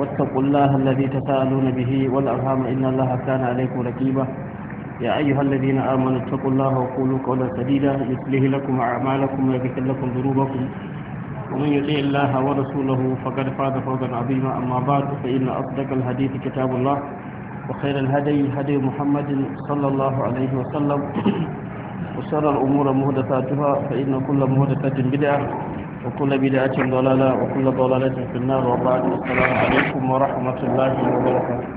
واتقوا الله الذي تساءلون به والأرحام إن الله كان عليكم ركيبا يا أيها الذين آمنوا اتقوا الله وقولوا قولا سديدا يصلح لكم أعمالكم ويغفر لكم ذنوبكم ومن يطع الله ورسوله فقد فاز فوزا عظيما أما بعد فإن أصدق الحديث كتاب الله وخير الهدي هدي محمد صلى الله عليه وسلم وشر الأمور مهدثاتها فإن كل مهدثة بدعة وكل بدعة ضلالة وكل ضلالة في النار وبعد السلام عليكم ورحمة الله وبركاته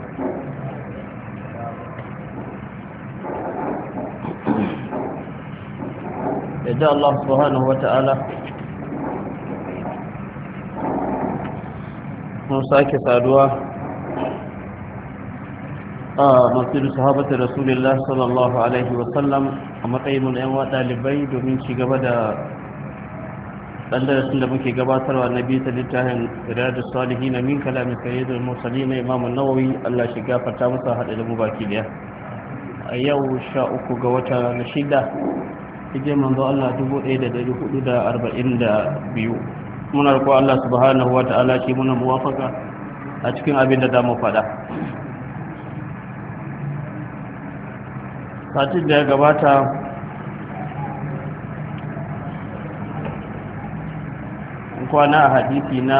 إذا الله سبحانه وتعالى saduwa a masjidin a matsayin mun yan domin da dan darasin da muke gabatarwa na bisa littafin riyadu salihin min kalamin sayyidul mursalin imam an-nawawi Allah shi gafarta masa hada da mubaki baki a yau sha uku ga wata na shida hijir manzo Allah biyu. muna roƙo Allah subhanahu wa ta'ala shi muna muwafaka a cikin abin da zamu faɗa satin da ya gabata kwana a hadisi na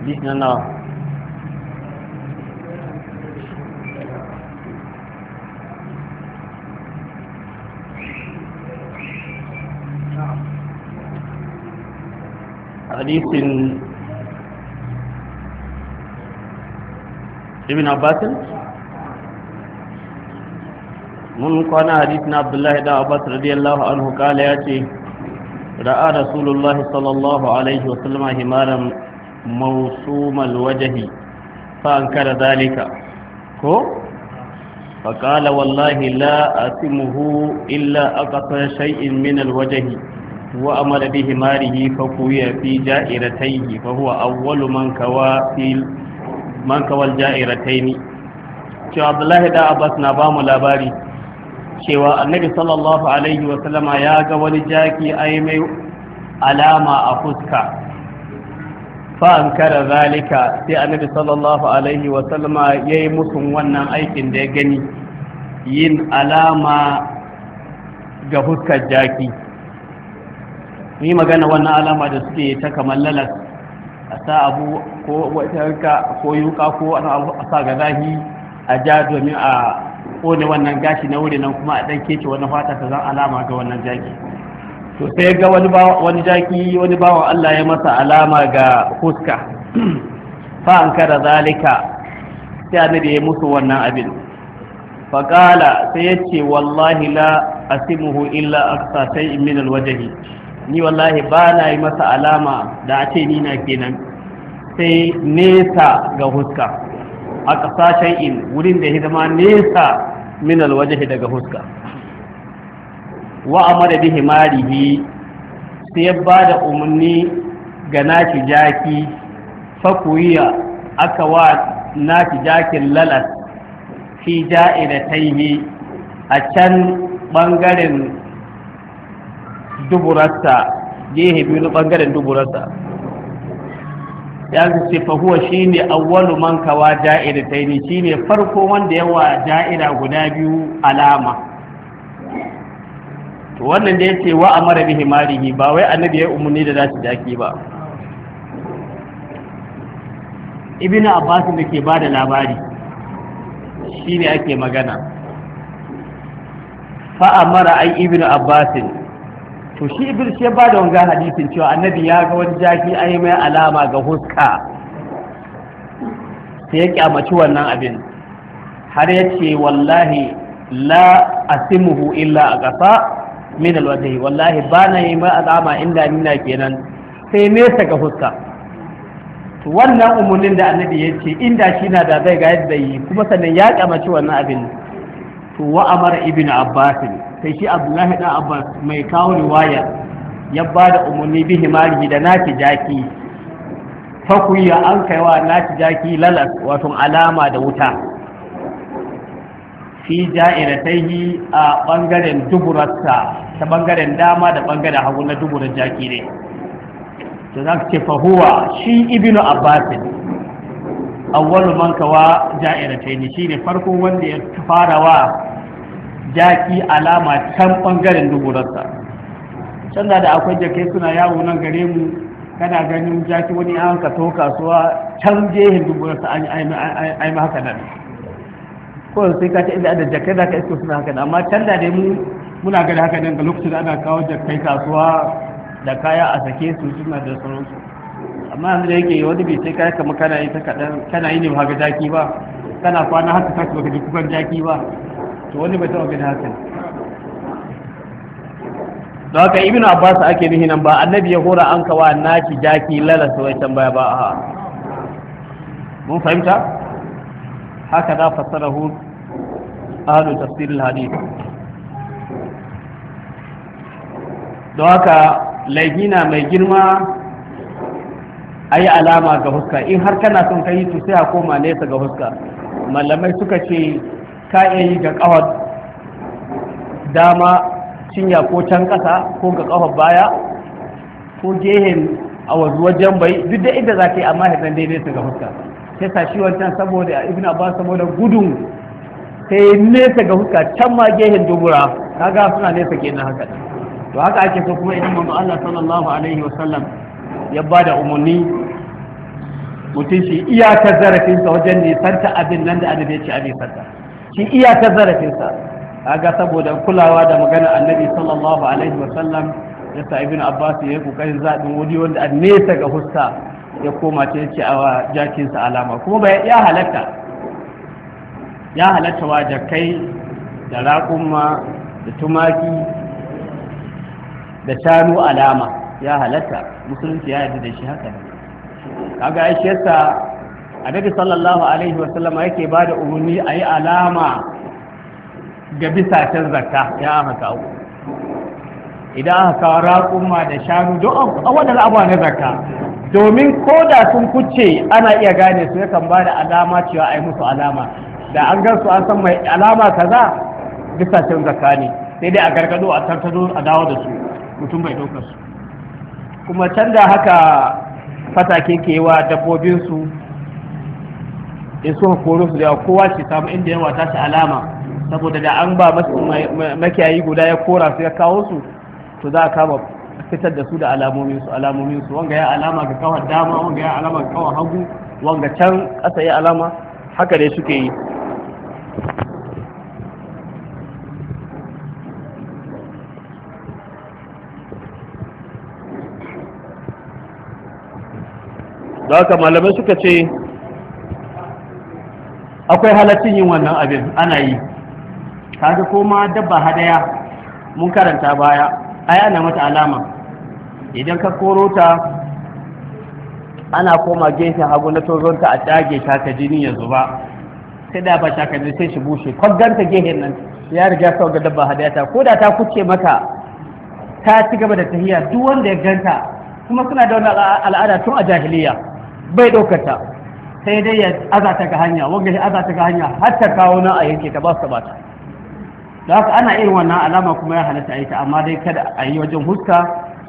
hadisi na nawa hadisin ibn abbasin mun kwana na abdullahi da abbas radiyallahu anhu kala ya ce ra'a rasulullahi sallallahu alaihi wasallama himaran mausumal wajahi fa an kara zalika ko فقال والله لا أتمه إلا أقصى شيء من الوجه وأمر بهماره فكوي في جائرتيه man kawal ja'iratai cewa abdullahi da abbas na bamu labari cewa annabi sallallahu alaihi wasallama ya ga wani jaki ai mai alama a fuska fa'an kara zalika sai annabi sallallahu alaihi wasallama ya yi musun wannan aikin da ya gani yin alama ga fuskar jaki yi magana wannan alama da suke ta kamar lalas a sa abu ko wata ko yuka ko a sa ga zahi a ja domin a kone wannan gashi na wuri nan kuma a dan keke wani fata ta zan alama ga wannan jaki to sai ga wani jaki wani bawa Allah ya masa alama ga huska fa an da zalika sai da ya musu wannan abin fa qala sai yace wallahi la asimuhu illa in min alwajhi ni wallahi ba na yi masa alama da a ce ni na kenan sai nesa ga huska a ƙasashen in wurin da hidima nesa min alwajhi daga huska wa amara bihi marihi sai ba da umarni ga nashi jaki fakuyiya aka wa nashi jakin lalas fi ja'irataini a can bangaren duburarsa gehe biyu bangaren duburarsa ya ce fa huwa shine awwalu man kawa ja'ira taini shine farko wanda yawa ja'ira guda biyu alama to wannan da yace wa amara bihi marihi ba wai annabi ya umuni da zasu daki ba ibnu abbas da ke bada labari shine ake magana fa amara ai ibnu abbas to shi iblis ya ba da wanga hadisin cewa annabi ya ga wani jaki a yi mai alama ga huska sai ya kyamaci wannan abin har ya ce wallahi la a simuhu illa a ƙasa min alwadai wallahi ba na yi mai alama inda nina kenan sai nesa ga huska wannan umarnin da annabi ya ce inda shi na da zai ga yadda yi kuma sannan ya kyamaci wannan abin to wa'amar ibn abbasin sai shi abdullahi dan abbas mai kawo riwaya ya ba da umarni bi himari da naki jaki fakuya an kai kaiwa naki jaki lalas wato alama da wuta fi yi a bangaren duburarsa ta bangaren dama da bangaren hagu na duburar jaki ne to za ce fahuwa shi ibnu abbasin awwalu man kawa shi shine farko wanda ya fara wa jaki alama can bangaren duburarsa can da akwai jakai suna yawo nan gare mu kana ganin jaki wani an ka to kasuwa can jehin duburarsa an yi ma haka nan ko sai ka inda da jakai za ka iso suna haka nan, amma can da dai mu muna gani haka nan ga lokacin da ana kawo jakai kasuwa da kaya a sake su suna da sauransu amma yanzu da yake wani bai sai kaya kama kana yi ta kaɗan kana yi ne ba ga jaki ba kana kwana haka kasu ba ji kukan jaki ba to wani bai taɓa ganin hakan don haka ibnu abbas ake nihi nan ba annabi ya hora an kawa naki jaki lalasa wai tambaya ba a mun fahimta haka za hu ahlu tafsir al-hadith don haka laihina mai girma ayi alama ga huska in har kana son kai to sai a koma nesa ga huska malamai suka ce ka iya yi ga ƙawar dama cinya ko can ƙasa ko ga ƙawar baya ko gehen a wajen bai duk da inda za ka yi amma hizan daidai su ga fuska sai sa shi wancan saboda a ibina ba saboda gudun sai nesa ga fuska can ma gehen dubura kaga suna nesa kenan haka to haka ake so kuma idan manzo Allah sallallahu alaihi wasallam ya ba da umarni mutum shi iyakar zarafinsa wajen nisanta abin nan da annabi ce a shi iyakar zarafinsa ga saboda kulawa da magana annabi sallallahu alaihi wa sallam, ya sa ibn abbas ya yi kokarin zaɓin wuri wanda a nesa ga husta ya koma ta yace a jakinsa alama kuma ba ya halatta ya halatta wa kai da raƙumma, da tumaki da shanu alama ya halatta musulunci ya yarda da shi haka kaga ai shi yasa annabi sallallahu alaihi wa sallama yake ba da umarni a yi alama ga bisashen zakka ya aka kawo idan aka kawo raƙuma da shanu don a wannan abuwa na zakka domin ko da sun kuce ana iya gane su yakan ba da alama cewa a yi musu alama da an gan su an san mai alama kaza bisashen zakka ne sai dai a gargado a tantano a dawo da su mutum bai ɗaukar su kuma can da haka fatake ke wa dabbobinsu in suka koro su da kowa ce samu inda yawa ta ci alama saboda da an ba makiyayi guda ya kora su ya kawo su to za a kama fitar da su da alamomin su alamomin su wanga ya alama ga kawar dama wanga ya alama ga kawar hagu wanga can ƙasa ya alama haka dai suke yi da haka malamai suka ce akwai halaccin yin wannan abin ana yi kaga koma dabba hadaya mun karanta baya aya na mata alama idan ka koro ta ana koma gefen hagu na ta a dage ta ka jini ya zuba sai da ba ta sai shi bushe kwagganta gehen nan ya riga sau ga dabba hadaya ta ko da ta kuce maka ta ci gaba da tahiya duk wanda ya ganta kuma suna da wani al'ada tun a jahiliya bai ɗaukata sai dai ya azata ga hanya wanda ya azata ga hanya har ta kawo nan a yanke ta ba su ta, da haka ana irin wannan alama kuma ya halatta a yi ta amma dai kada a yi wajen huska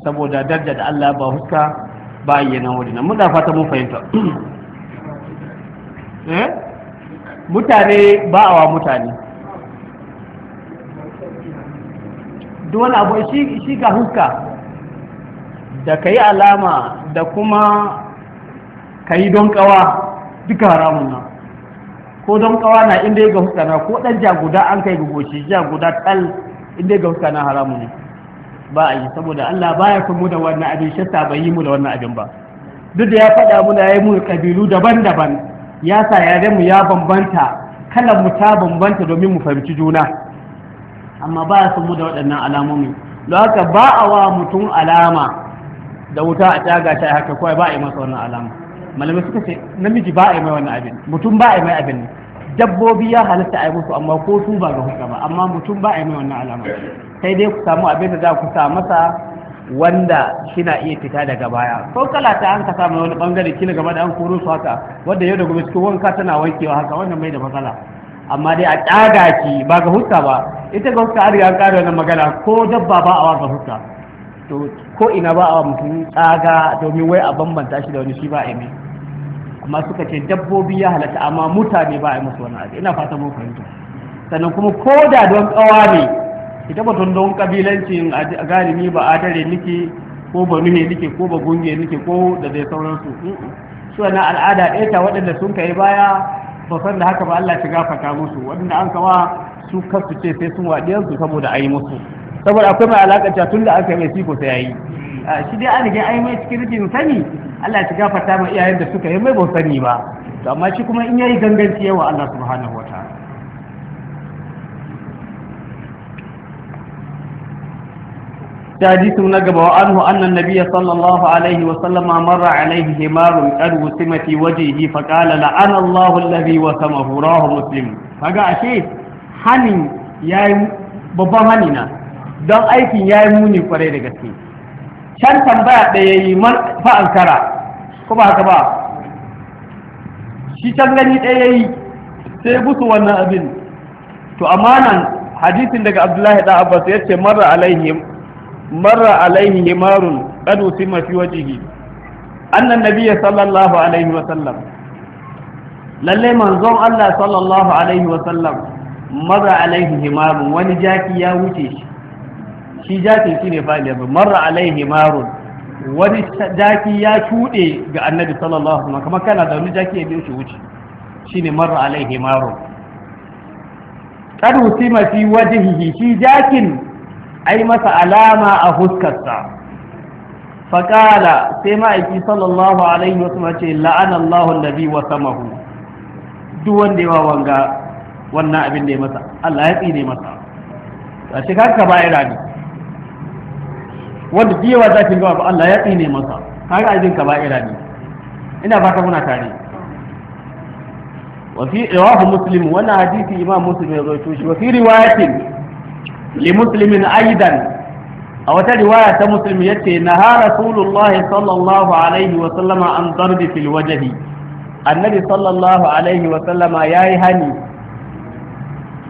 saboda darja da Allah ba huska ba yi nan wajen mun da fata mun fahimta eh? mutane ba a wa mutane duk wani abu shi ga huska da ka yi alama da kuma ka yi don kawa duka haramun nan ko don kawa na inda ya ga hukana ko dan jaguda an kai ga goshi jaguda tal inda ya ga hukana haramun ne ba a yi saboda Allah baya son mu da wannan abin shi ta bai yi mu da wannan abin ba duk da ya faɗa da yayi mu kabilu daban-daban ya sa yaren mu ya bambanta kalan mu ta bambanta domin mu fahimci juna amma ba ya mu da waɗannan alamomi don haka ba a wa mutum alama da wuta a tsaga ta haka kawai ba a yi masa wannan alama malamai suka ce namiji ba a yi mai wannan abin mutum ba a yi mai abin ne dabbobi ya halatta a yi musu amma ko su ba ga hukka ba amma mutum ba a yi mai wannan alama sai dai ku samu abin da za ku sa masa wanda kina iya fita daga baya ko kala ta an kasa mai wani bangare kina gaba da an koro su haka wanda yau da gobe cikin wanka tana wankewa haka wannan mai da matsala amma dai a tsaga ki ba ga hukka ba ita ga hukka an riga an kare wannan magana ko dabba ba a wa ga hukka to ko ina ba a mutum tsaga domin wai a bambanta shi da wani shi ba a yi mai amma suka ce dabbobi ya halatta amma mutane ba a yi musu wani abu ina fata mun fahimta sannan kuma ko da don kawa ne ita tun don kabilancin galibi ba adare nike ko ba nuhe nike ko ba gunge nike ko da zai sauransu su na al'ada ɗaya ta waɗanda sun kai baya ba san da haka ba Allah shiga fata musu waɗanda an kawa su kasu ce sai sun waɗiyar su saboda a yi musu saboda akwai mai alaƙa tun da aka mai siko sai ya yi shi dai an riga ai cikin rikin sani Allah ya gafarta ma iyayen da suka yi mai ban sani ba to amma shi kuma in yayi ganganci yawa Allah subhanahu wataala حديث نجب عنه أن النبي صلى الله عليه وسلم مر عليه همار قد وسم وجهه فقال لعن الله الذي وسمه راه مسلم فقال شيء حني يا بابا هنينا don aikin ya yi muni kwarai da gaske can tambaya da ya yi man fa kuma haka ba shi can gani ɗaya ya yi sai busu wannan abin to amanan hadisin daga abdullahi ɗan abbas ya ce marar alaihi marar alaihi himarun qad usima fi wajhihi annan nabiyyi sallallahu alaihi wa sallam lalle manzon Allah sallallahu alaihi wa sallam marra alaihi himarun wani jaki ya wuce shi shi jakin shine fa'il ba marra alaihi marun wani jaki ya shuɗe ga annabi sallallahu alaihi wasallam kamar kana da wani jaki ya biyo shi wuce shine marra alaihi marun kad husima fi wajhihi shi jakin ai masa alama a huskarsa faƙala sai ma'aiki sallallahu alaihi wasallam ce la'ana Allahu nabi wa samahu duk wanda yawa wanga wannan abin da ya masa Allah ya tsine masa a shi kanka ba ira ne wanda biyewa zafin gaba ba Allah ya tsine masa kaga ajin kaba'ira ne ina fata muna tare wa fi rawahu muslim wannan hadisi imam muslim ya rawaito shi wa fi riwayatin li muslimin aidan a wata riwaya ta muslim yace naha rasulullah sallallahu alaihi wa sallama an darbi fil wajhi annabi sallallahu alaihi wa sallama yayi hani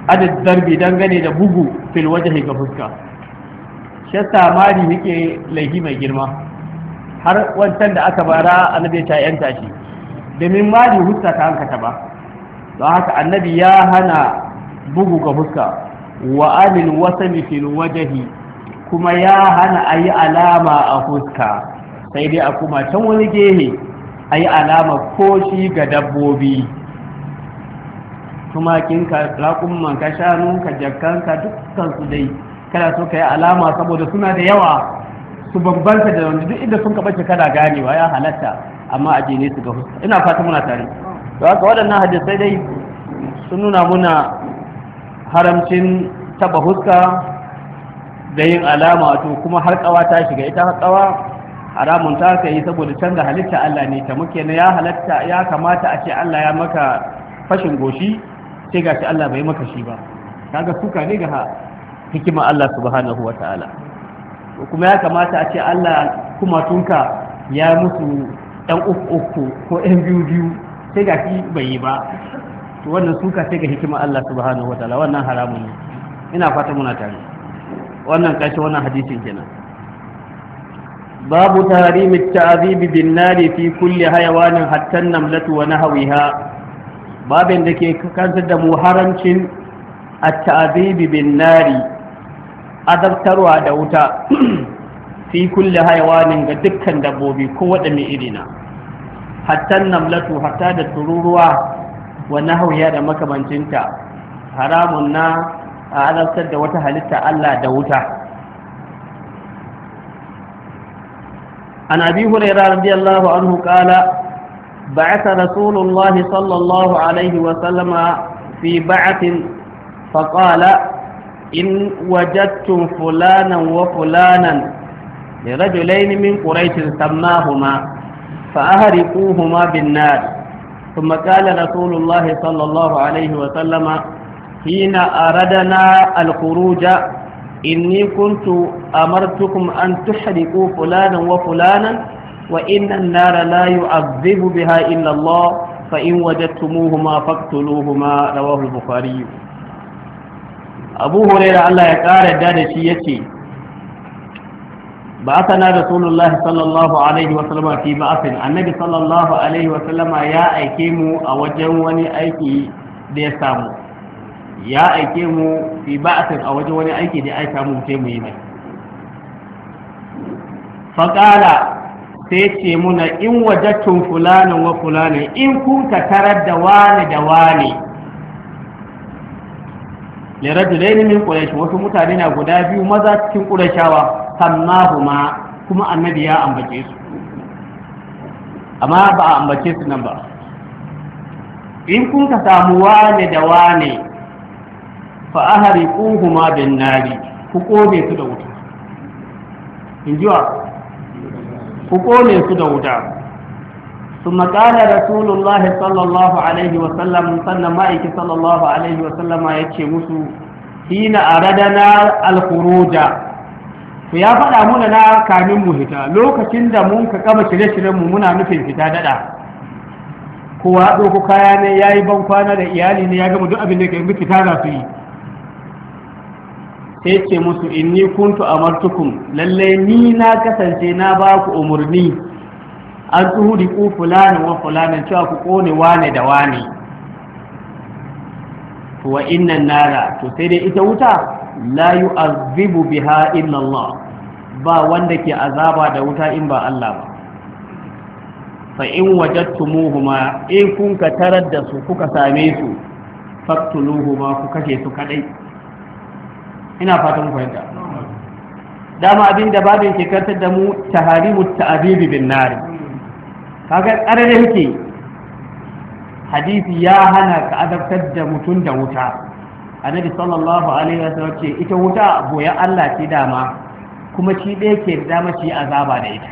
adad darbi dangane da bugu fil wajhi ga fuska shi samari muke laifi mai girma har wancan da aka bara annabi ta yanta shi domin mari huska ta hankata ba don haka annabi ya hana bugu ga huska wa anil wasa fil wajahi kuma ya hana a yi alama a huska sai dai a kuma can wani gehe a yi alama ko shi ga dabbobi ka, ka, shanun ka, jakkan ka, dukkan su dai kana so ka yi alama saboda suna da yawa su bambanta da wanda duk inda sun ka bace kana ganewa ya halatta amma a jini su ga fuska ina fata muna tare to haka waɗannan hadisai dai sun nuna muna haramcin taba huska da yin alama wato kuma har ƙawa ta shiga ita har ƙawa haramun ta ka yi saboda canza halitta Allah ne ta muke na ya halatta ya kamata a ce Allah ya maka fashin goshi sai ga shi Allah bai maka shi ba kaga suka ne ga hikima Allah subhanahu wa ta'ala kuma ya kamata a ce Allah kuma tunka ya musu ɗan uku ko ɗan biyu biyu sai ga shi bai yi ba to wannan suka sai ga hikima Allah subhanahu wa ta'ala wannan haramun ne ina fata muna tare wannan kashi wannan hadisin kenan babu tarimit ta'zib bin nari fi kulli hayawanin hatta namlatu wa nahwiha babin da ke kantar da mu haramcin at-ta'zib bin nari azabtarwa da wuta fi kulli hayawanin ga dukkan dabbobi ko waɗanne irina hatta namlatu hatta da tururuwa wa nahwiya da makamancinta haramun na a azabtar da wata halitta Allah da wuta عن أبي هريرة رضي الله عنه قال بعث رسول الله صلى الله عليه وسلم في بعث فقال in wajattum fulana wa fulanan da rajulain min quraishin sammahuma fa ahriquhuma bin nar thumma qala rasulullahi sallallahu alaihi wa sallama hina aradana al khuruja inni kuntu amartukum an tuhriqu fulanan wa fulanan wa inna an-nara la yu'adhibu biha illa Allah fa in wajattumuhuma faqtuluhuma rawahu al-bukhari abu huraira Allah ya ƙara yadda da shi yace ba aka na rasulullah sallallahu alaihi wa sallama fi ba'athin annabi sallallahu alaihi wa sallama ya aike mu a wajen wani aiki da ya samu ya aike mu fi ba'athin a wajen wani aiki da ya aika mu sai mu yi mai faƙala sai ce muna in wajattun fulanin wa fulanin in kun ka tarar da wani da wani li rajulaini min quraish wasu mutane na guda biyu maza cikin qurayshawa sannahuma kuma annabi ya ambace su amma ba a ambace su nan ba in kun ka samu wane da wane fa ahriquhuma bin nari ku kone su da wuta ku kone su da wuta ثم قال رسول الله صلى الله عليه وسلم صلى مائك صلى الله عليه وسلم يتشي مسو حين أردنا الخروج فيا فدا منا نا كامن مو da mun ka kama shirye-shiryen mu muna nufin fita daɗa. kowa doko kaya ne yayi ban kwana da iyali ne ya gama duk abin da yake fita za su yi sai ce musu inni kuntu amartukum lallai ni na kasance na baku ku umurni an tuhuri ku fulanin wa fulanin cewa ku kone wane da wane to wa innan nara to sai dai ita wuta la yu'azzibu biha illa Allah ba wanda ke azaba da wuta in ba Allah ba fa in wajadtumuhuma in kun ka tarar da su kuka same su faktuluhuma ku kashe su kadai ina fatan fahimta dama abin da babin ke kartar da mu taharimu ta'abibi bin nari kaga tsare da yake hadisi ya hana ka adabta da mutum da wuta annabi sallallahu alaihi wasallam ce ita wuta boya Allah ce dama kuma shi ɗaya ke da dama shi azaba da ita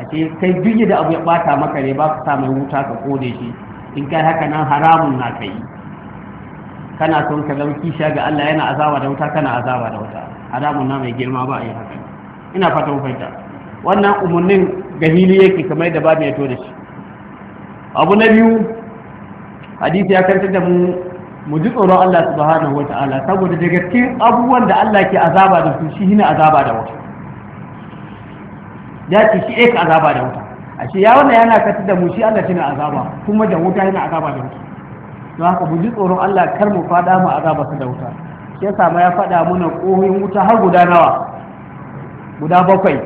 a ce kai duk da abu ya bata maka ne ba ka sa mai wuta ka kode shi in kai haka nan haramun na kai kana son ka zama kisha ga Allah yana azaba da wuta kana azaba da wuta haramun na mai girma ba a yi haka ina fatan fahimta wannan umarnin ga yake kamar da babu ya to da shi abu na biyu hadisi ya kanta da mu mu ji tsoron Allah subhanahu wa ta'ala saboda daga cikin abubuwan da Allah ke azaba da su shi ne azaba da wata ya ce shi ka azaba da wuta a ya wannan yana kanta da mu shi Allah shi na azaba kuma da wuta yana azaba da wuta don haka mu ji tsoron Allah kar mu fada mu azaba su da wuta shi ya ma ya faɗa mana ƙohoyin wuta har guda nawa guda bakwai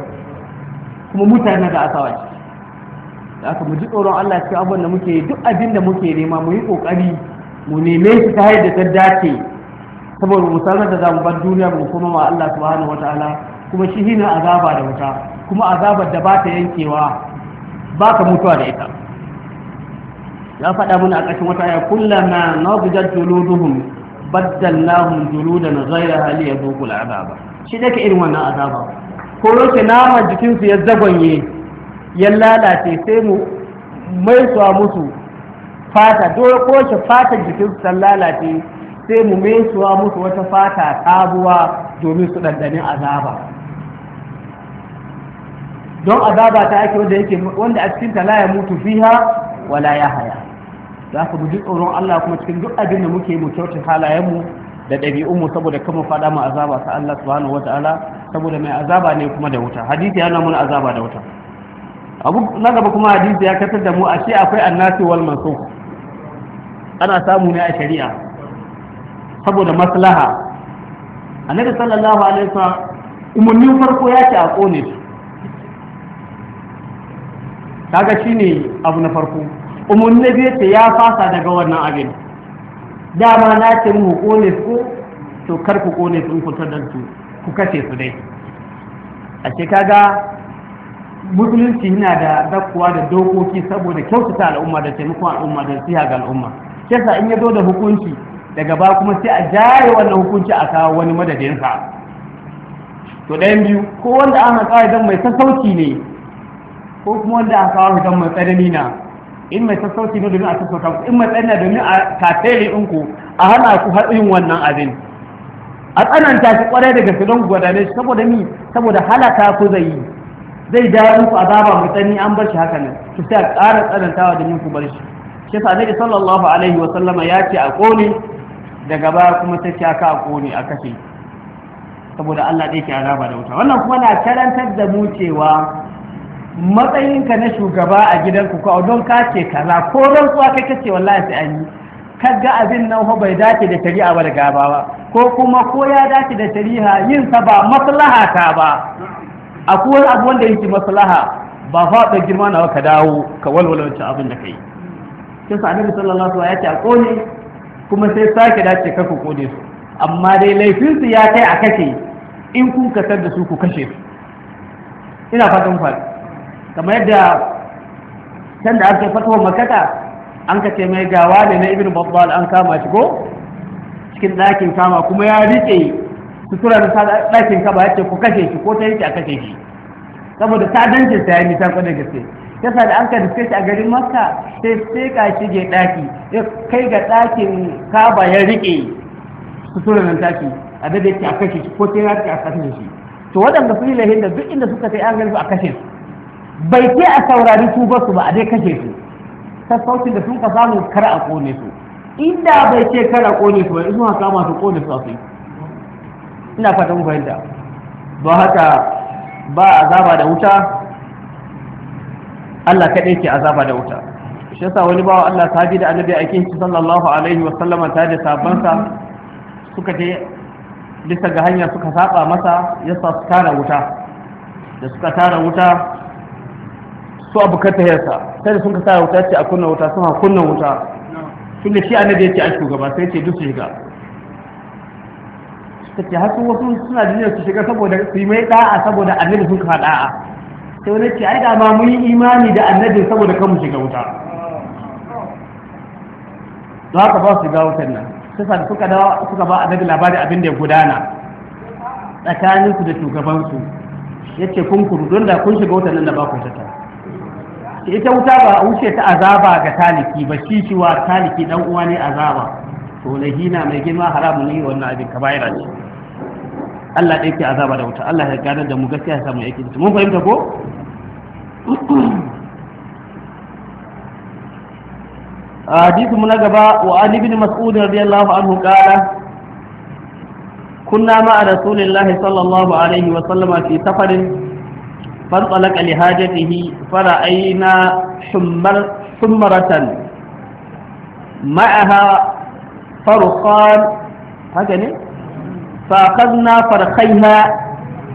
kuma mutane da asawa ce da aka muji tsoron Allah cikin abin da muke duk abin da muke nema mu yi kokari mu neme shi ta hayar da ta dace saboda mu sanar da zamu bar duniya mu kuma ma Allah subhanahu wataala kuma shi hina azaba da wuta kuma azabar da ba ta yankewa ba ka mutuwa da ita ya faɗa mana a ƙarshen wata aya kullama nabijat juluduhum da juludan ghayra hali azaba shi dake irin wannan azaba ko naman jikinsu ya zagonye ya lalace sai mu maisuwa musu fata dole ko yaushe fatan jikinsu ta lalace sai mu maisuwa musu wata fata sabuwa domin su ɗanɗanin azaba don azaba ta ake wanda yake wanda a cikin la ya mutu fiha wala ya haya za ka bi tsoron Allah kuma cikin duk abin da muke mu kyautar halayenmu da ɗabi'unmu saboda kama faɗa mu azaba ta Allah subhanahu wa ta'ala saboda mai azaba ne kuma da wuta hadisi yana mun azaba da wuta abu na gaba kuma hadisi ya kasar da mu a shi akwai annasi wal mansukh ana samu ne a shari'a saboda maslaha annabi sallallahu alaihi wasallam umurnin farko ya ce a kone su kaga shine abu na farko umurnin da biyu ce ya fasa daga wannan abin dama na ce mu kone su to kar ku kone su in kuntar da su ku kashe su dai a ce kaga musulunci yana da zakkuwa da dokoki saboda kyautata al'umma da taimakon al'umma da siya ga al'umma sa in ya zo da hukunci daga ba kuma sai a jaye wannan hukunci a kawo wani madadinsa to ɗayan biyu ko wanda aka kawo idan mai sassauci ne ko kuma wanda aka kawo idan mai tsanani na in mai sassauci ne domin a sassauta in mai tsanani domin a tafe in ku a hana ku har yin wannan abin a tsananta shi kwarai daga su don gwadane shi saboda mi saboda halaka ku zai yi zai dawo muku azaba mai tsanani an bar shi haka nan to sai ƙara tsanantawa da yin ku bar shi shi sa annabi sallallahu alaihi wa sallama ya ce a kone daga baya kuma ta ce aka a kone a kashe saboda Allah ɗaya ke azaba da wuta wannan kuma na karantar da mu cewa matsayinka na shugaba a gidanku ko don ka ce kaza ko don tsuwa kai kace wallahi sai an yi kaga abin nan bai dace da shari'a ba da gabawa, ko kuma ko ya dace da shari'a yin sa ba maslaha ta ba akwai abu wanda yake maslaha ba da girma nawa ka dawo ka walwala wancan abin da kai kin sa annabi sallallahu alaihi wasallam ya ce a kone kuma sai sake dace ka ku kone su amma dai laifin su ya kai a kashe in kun kasar da su ku kashe su ina fatan fa kamar yadda can da aka fatuwa makata an ka ce mai gawa ne na ibn babbal an kama shi ko cikin ɗakin kama kuma ya riƙe suturar da ɗakin kama ya ce ku kashe shi ko ta yi a kashe shi saboda ta sa ya yi nisan kwanan gaske yasa da an ka diske shi a garin maka sai sai ka shige ɗaki ya kai ga ɗakin kaba ya riƙe sutura nan taki a da yake a kashe shi ko ta yake a kashe shi to waɗanda su yi lahin da duk inda suka yi an gani su a kashe su bai ce a saurari su ba su ba a dai kashe su sassaucin da sun ka samu kar a kone su inda bai ce kar a kone su bai zuwa kama su kone su a su ina fata mu fahimta ba haka ba azaba da wuta Allah kaɗai ke azaba da wuta shi yasa wani bawa Allah sahabi da annabi a shi sallallahu alaihi wa sallama ta da sabansa suka je bisa ga hanya suka saba masa yasa su tara wuta da suka tara wuta su abu yasa sai da sun ka sa wuta ce a kunna wuta sun ha kunna wuta tun da shi annabi ya ce a shugaba sai ce duk su shiga ta ce har wasu suna jiniyar su shiga saboda su yi mai da'a saboda annabi sun ka da'a sai wani ce ai da ma mun yi imani da annabi saboda kan mu shiga wuta don haka ba su shiga wutan nan sai da suka dawa suka ba annabi labarin abin da ya gudana tsakaninsu da shugabansu ya ce kun kuru don da kun shiga wutan nan da ba ku tattara ita wuta ba a wuce ta azaba ga taliki ba shi shiwa taliki dan uwa ne azaba to lahina mai girma haramun ne wannan abin ka ce Allah ɗaya ke azaba da wuta Allah ya gane da mu gaskiya samu yake mun fahimta ko حديث mu na gaba ابن مسعود رضي الله عنه قال كنا مع رسول الله sallallahu alaihi wa sallama في سفر فانطلق لحاجته فرأينا حمر حمرة معها فرخان هكذا فأخذنا فرخيها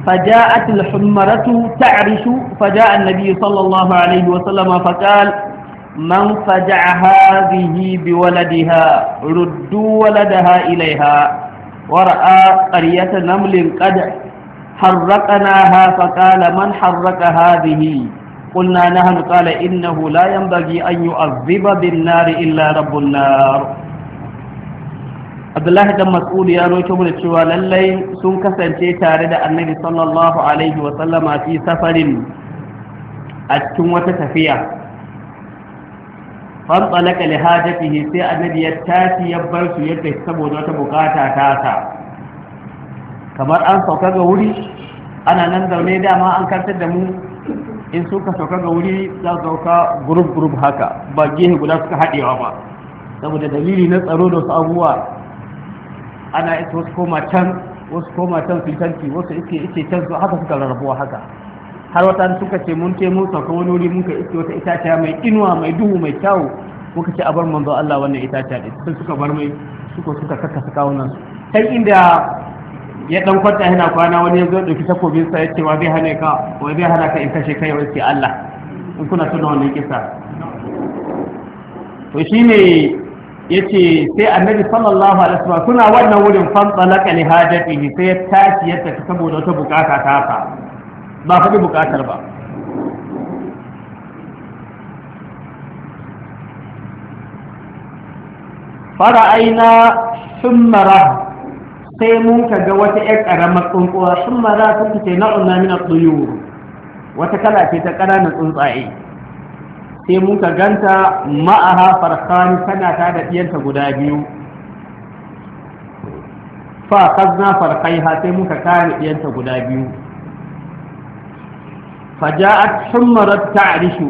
فجاءت الحمرة تعرش فجاء النبي صلى الله عليه وسلم فقال من فجع هذه بولدها ردوا ولدها إليها ورأى قرية نمل قد حرقناها فقال من حرق هذه قلنا نحن قال إنه لا ينبغي أن يؤذب بالنار إلا رب النار Abdullahi dan Mas'ud ya roƙo mu da cewa lallai sun kasance tare da Annabi sallallahu alaihi wa sallama fi safarin a cikin wata tafiya. Fan tsalaka li hajatihi sai Annabi ya tashi ya bar su yadda saboda wata bukata ta sa. kamar an sauka ga wuri ana nan zaune dama an kartar da mu in suka sauka ga wuri za su sauka gurub gurub haka ba gehe guda suka haɗewa ba saboda dalili na tsaro da wasu abubuwa ana isa wasu koma can wasu koma can su canci wasu ike ike can su haka suka rarrabuwa haka har wata suka ce mun ce mun sauka wani wuri muka iske wata itaciya mai inuwa mai duhu mai kyawu muka ce a bar manzo Allah wannan itaciya ne, sai suka bar mai suka suka kakkasa kawunan su sai inda ya dan kwanta yana kwana wani ya zo dauki takobin sa yace wa zai hane ka wa zai hana ka in kashe kai wai sai Allah in kuna tuna wannan kisa to shine yace sai annabi sallallahu alaihi wasallam kuna wannan wurin fan talaka li hajatihi sai ya tashi ya tafi saboda wata bukata ta sa ba faɗi bukatar ba fara aina sun mara sai mun ka ga wata ƴar ƙaramar tsuntsuwa sun ma za su fice na unna min tsuyuru wata kala ce ta ƙananan tsuntsaye sai mun ka ganta ma'aha farkani tana ta da ɗiyanta guda biyu fa kazna ha, sai mun ka kare ɗiyanta guda biyu ja'at hummarat ta'rishu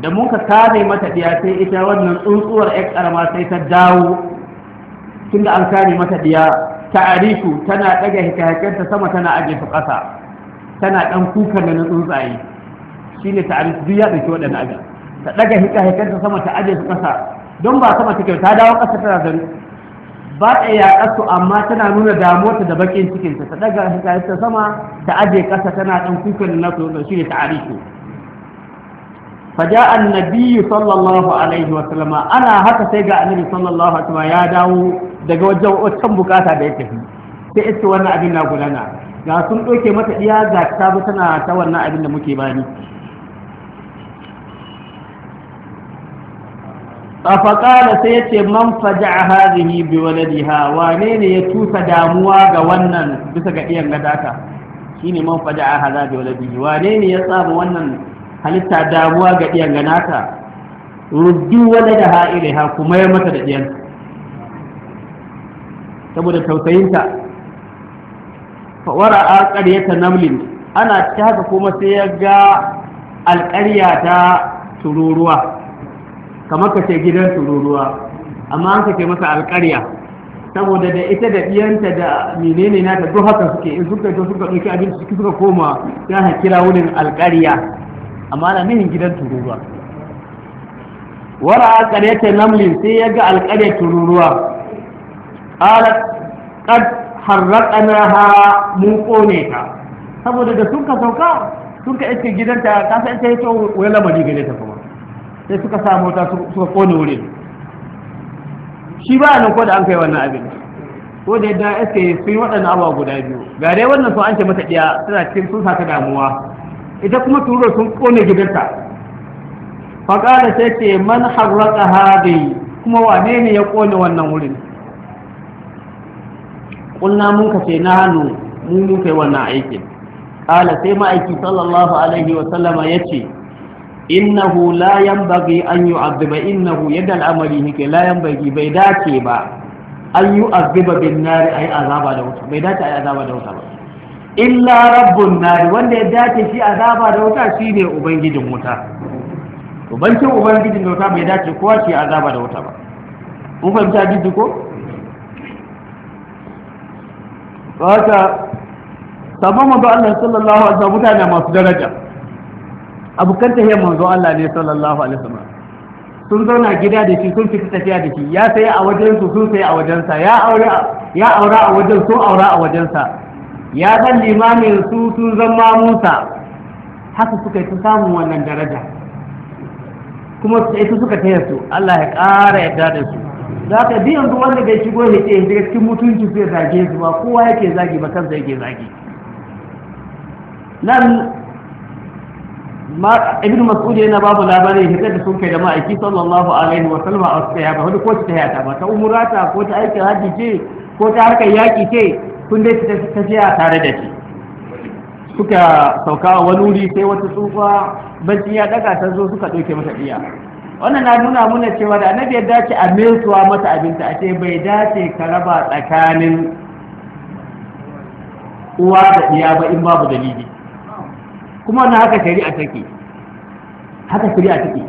da mun ka kare mata diya sai ita wannan tsuntsuwar ƴar karama sai ta dawo tunda an kare mata diya Ta'ariku tana daga hikayakanta sama tana aje su ƙasa tana dan kukan da na tsuntsaye shine ta'arifu duk ya dauki waɗannan abin ta daga hikayakanta sama ta aje su ƙasa don ba sama take ta dawo ƙasa tana zan ba ta yaƙa su amma tana nuna damuwarta da bakin cikinta ta ɗaga hikayakanta sama ta aje ƙasa tana dan kukan da na tsuntsaye ne ta'ariku. faja annabi sallallahu alaihi wa وسلم ana haka sai ga annabi sallallahu alaihi wa ya dawo daga wajen wancan bukata da yake fi sai ita wannan abin na gudana ga sun doke mata iya ga ta tana ta wannan abin da muke bani faƙala sai yace man faja a bi waladiha wane ne ya tusa damuwa ga wannan bisa ga iyan gadaka shine man faja a bi waladihi wane ne ya tsama wannan halitta damuwa ga iyan ganata ruddu wani da ha kuma ya mata da iyan saboda tausayinta fawara a ƙaryata namlin ana ta haka kuma sai ya ga alƙarya ta tururuwa kamar ka ce gidan tururuwa amma an ka masa alƙarya saboda da ita da ɗiyanta da menene nata duk haka suke in suka zo suka ɗauki abinci suka koma ta kira wurin alƙarya amma na nihin gidan tururuwa wara a ƙaryatar namlin sai ya ga alƙaryar tururuwa ƙarar ƙad harraƙana ha mun ƙone ka saboda da sun ka sauka sun ka iske gidanta ta san ta yi tsohon wani lamari gare ta kuma sai suka sa mota suka ƙone wurin shi ba nan ko da an kai wannan abin ko da yadda iske sun yi waɗannan abuwa guda biyu ga dai wannan sun an ce mata ɗiya suna cikin sun sa ta damuwa ita kuma turo sun kone gidanta faƙada sai ce man harraka hadi kuma wane ne ya kone wannan wurin ƙunna mun ka ce na hannu mun mun kai wannan aikin ƙala sai ma'aiki sallallahu alaihi sallama ya ce innahu la yanbaghi an yu'adhiba innahu yadda al'amari ke la yanbaghi bai dace ba an yu'adhiba bin nari ai azaba da wuta bai dace ay azaba da wuta ba illa rabbun nari wanda ya dace shi azaba da wuta shine ubangijin wuta ubancin ubangijin da wuta bai dace kowa shi azaba da wuta ba mun fahimta jiddi ko haka sabon manzo Allah sallallahu alaihi wasallam mutane masu daraja abukan tahiyar manzo Allah ne sallallahu alaihi wasallam sun zauna gida da shi sun fita tafiya da shi ya sai a wajen su sun sai a wajensa ya aura a wajen sun aura a wajensa ya san limamin su sun zama musa haka suka yi ta samun wannan daraja kuma su ita suka taya su Allah ya ƙara ya da su za ka bi yanzu wanda bai shigo ya ke daga cikin mutunci su ya zage su ba kowa yake zagi ba kansa yake zagi nan ibn mas'ud yana babu labarin hidda da sun kai da ma'aiki sallallahu alaihi wa sallam a wasu ta ba wani ko ta yata ba ta umurata ko ta aikin hajji ce ko ta harkar yaƙi ce sun dai ta tafiya tare da shi suka sauka a wani wuri sai wata tsufa bacci ya daga ta zo suka ɗauke mata iya wannan na nuna muna cewa da annabi ya dace a mesuwa mata abinci a ce bai dace ka raba tsakanin uwa da iya ba in babu dalili kuma wannan haka shari'a take haka shari'a take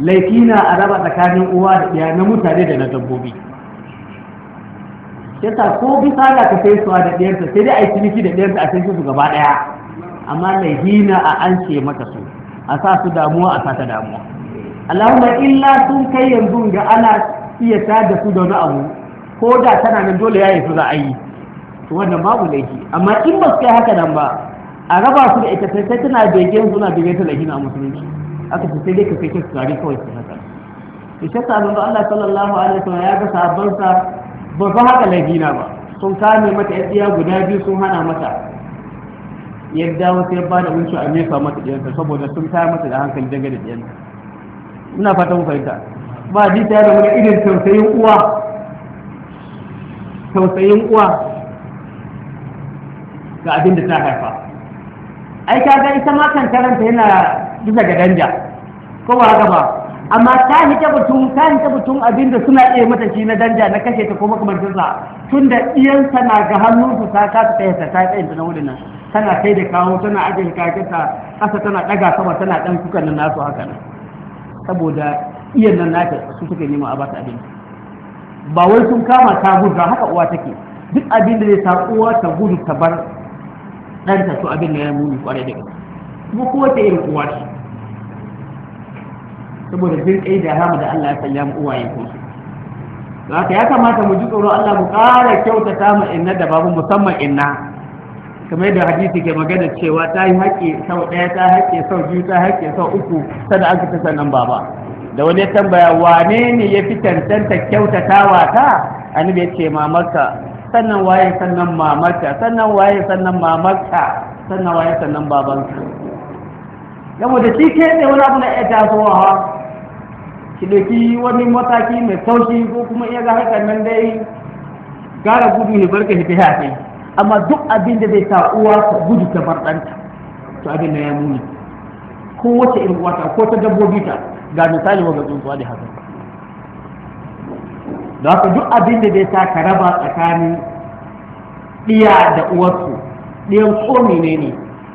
laifi na a raba tsakanin uwa da iya na mutane da na dabbobi yasa ko bisa da ka sai suwa da ɗiyarsa sai dai a yi ciniki da ɗiyarsa a sai su gaba ɗaya amma hina a an ce mata su a sa su damuwa a sa ta damuwa allahumma illa sun kai yanzu ga ana iya ta da su da wani abu ko da tana nan dole ya yi su za a yi to wannan babu laifi amma in ba su kai haka nan ba a raba su da ita sai tana begen suna begen ta lahina a musulunci aka ce sai dai ka kai su tare kawai su haka to sa Allah sallallahu alaihi wa sallam ya ga sahabbansa ba fa haka laifina ba sun kame mata yaddiya guda biyu sun hana mata yadda wasu ya bada wunci a nesa mata diyanta saboda sun kame mata da hankali daga da diyanta ina fata mu fahimta ba ji ta da wani irin tausayin uwa tausayin uwa ga abin da ta haifa ai kaga ita ma kan karanta yana bisa ga danja ko ba haka ba amma ta hita batun ta hita batun abin da suna iya mata shi na danja na kashe ta ko makamantar sa tun da iyansa na ga hannunsu ta kasa ta yasa ta kai ta na wurin nan tana kai da kawo tana ajiye kakenta kasa tana daga sama tana dan kukan nan nasu haka nan saboda iyan nan nata su suka nema a bata abin ba wai sun kama ta gudu haka uwa take duk abin da zai sa uwa ta gudu ta bar ɗanta su abin da ya muni kwarai da gaske kuma kowace irin uwa ce saboda zai kai da rahama da Allah ya sanya mu uwaye to haka ya kamata mu ji tsoro Allah mu ƙara kyautata mu inna da babu musamman inna kamar yadda hadisi ke magana cewa ta yi haƙƙi sau ɗaya ta haƙƙi sau biyu ta haƙƙi sau uku sada aka ta sanan baba da wani ya tambaya wane ne ya fi tantanta kyautatawa ta annabi ya ce mamarka sannan waye sannan mamarka sannan waye sannan mamarka sannan waye sannan babanka saboda shi ke ne wani abu na iya tasowa ki ɗauki wani mataki mai sauki ko kuma iya ga haka nan dai gara gudu ne barka ta ya kai amma duk abin da zai sa uwa ta gudu ta bar ɗanta to abin da ya muni ko wace irin uwa ta ko ta dabbobi ta ga misali wa ga tsuntsuwa da haka da haka duk abin da zai sa ka raba tsakanin ɗiya da uwarsu ɗiyan ko menene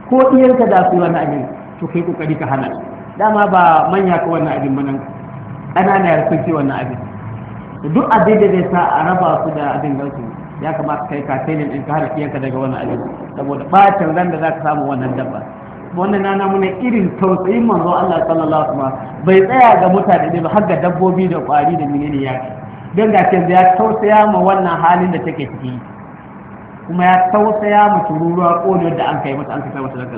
ko ɗiyanka da su wani abin to kai kokari ka hana dama ba manya ka wannan abin ba nan ƙanana ya sun ce wannan abin duk abin da zai sa a raba su da abin gansu ya kamata kai ka sai din ka hana yanka daga wannan abin saboda bacin ran da za ka samu wannan dabba wannan na muna irin tausayin manzo Allah sallallahu alaihi wasallam bai tsaya ga mutane ne ba har ga dabbobi da kwari da menene ya dan ga ce ya tausaya ma wannan halin da take ciki kuma ya tausaya ma tururuwa kodiyar da an kai mata an kai mata da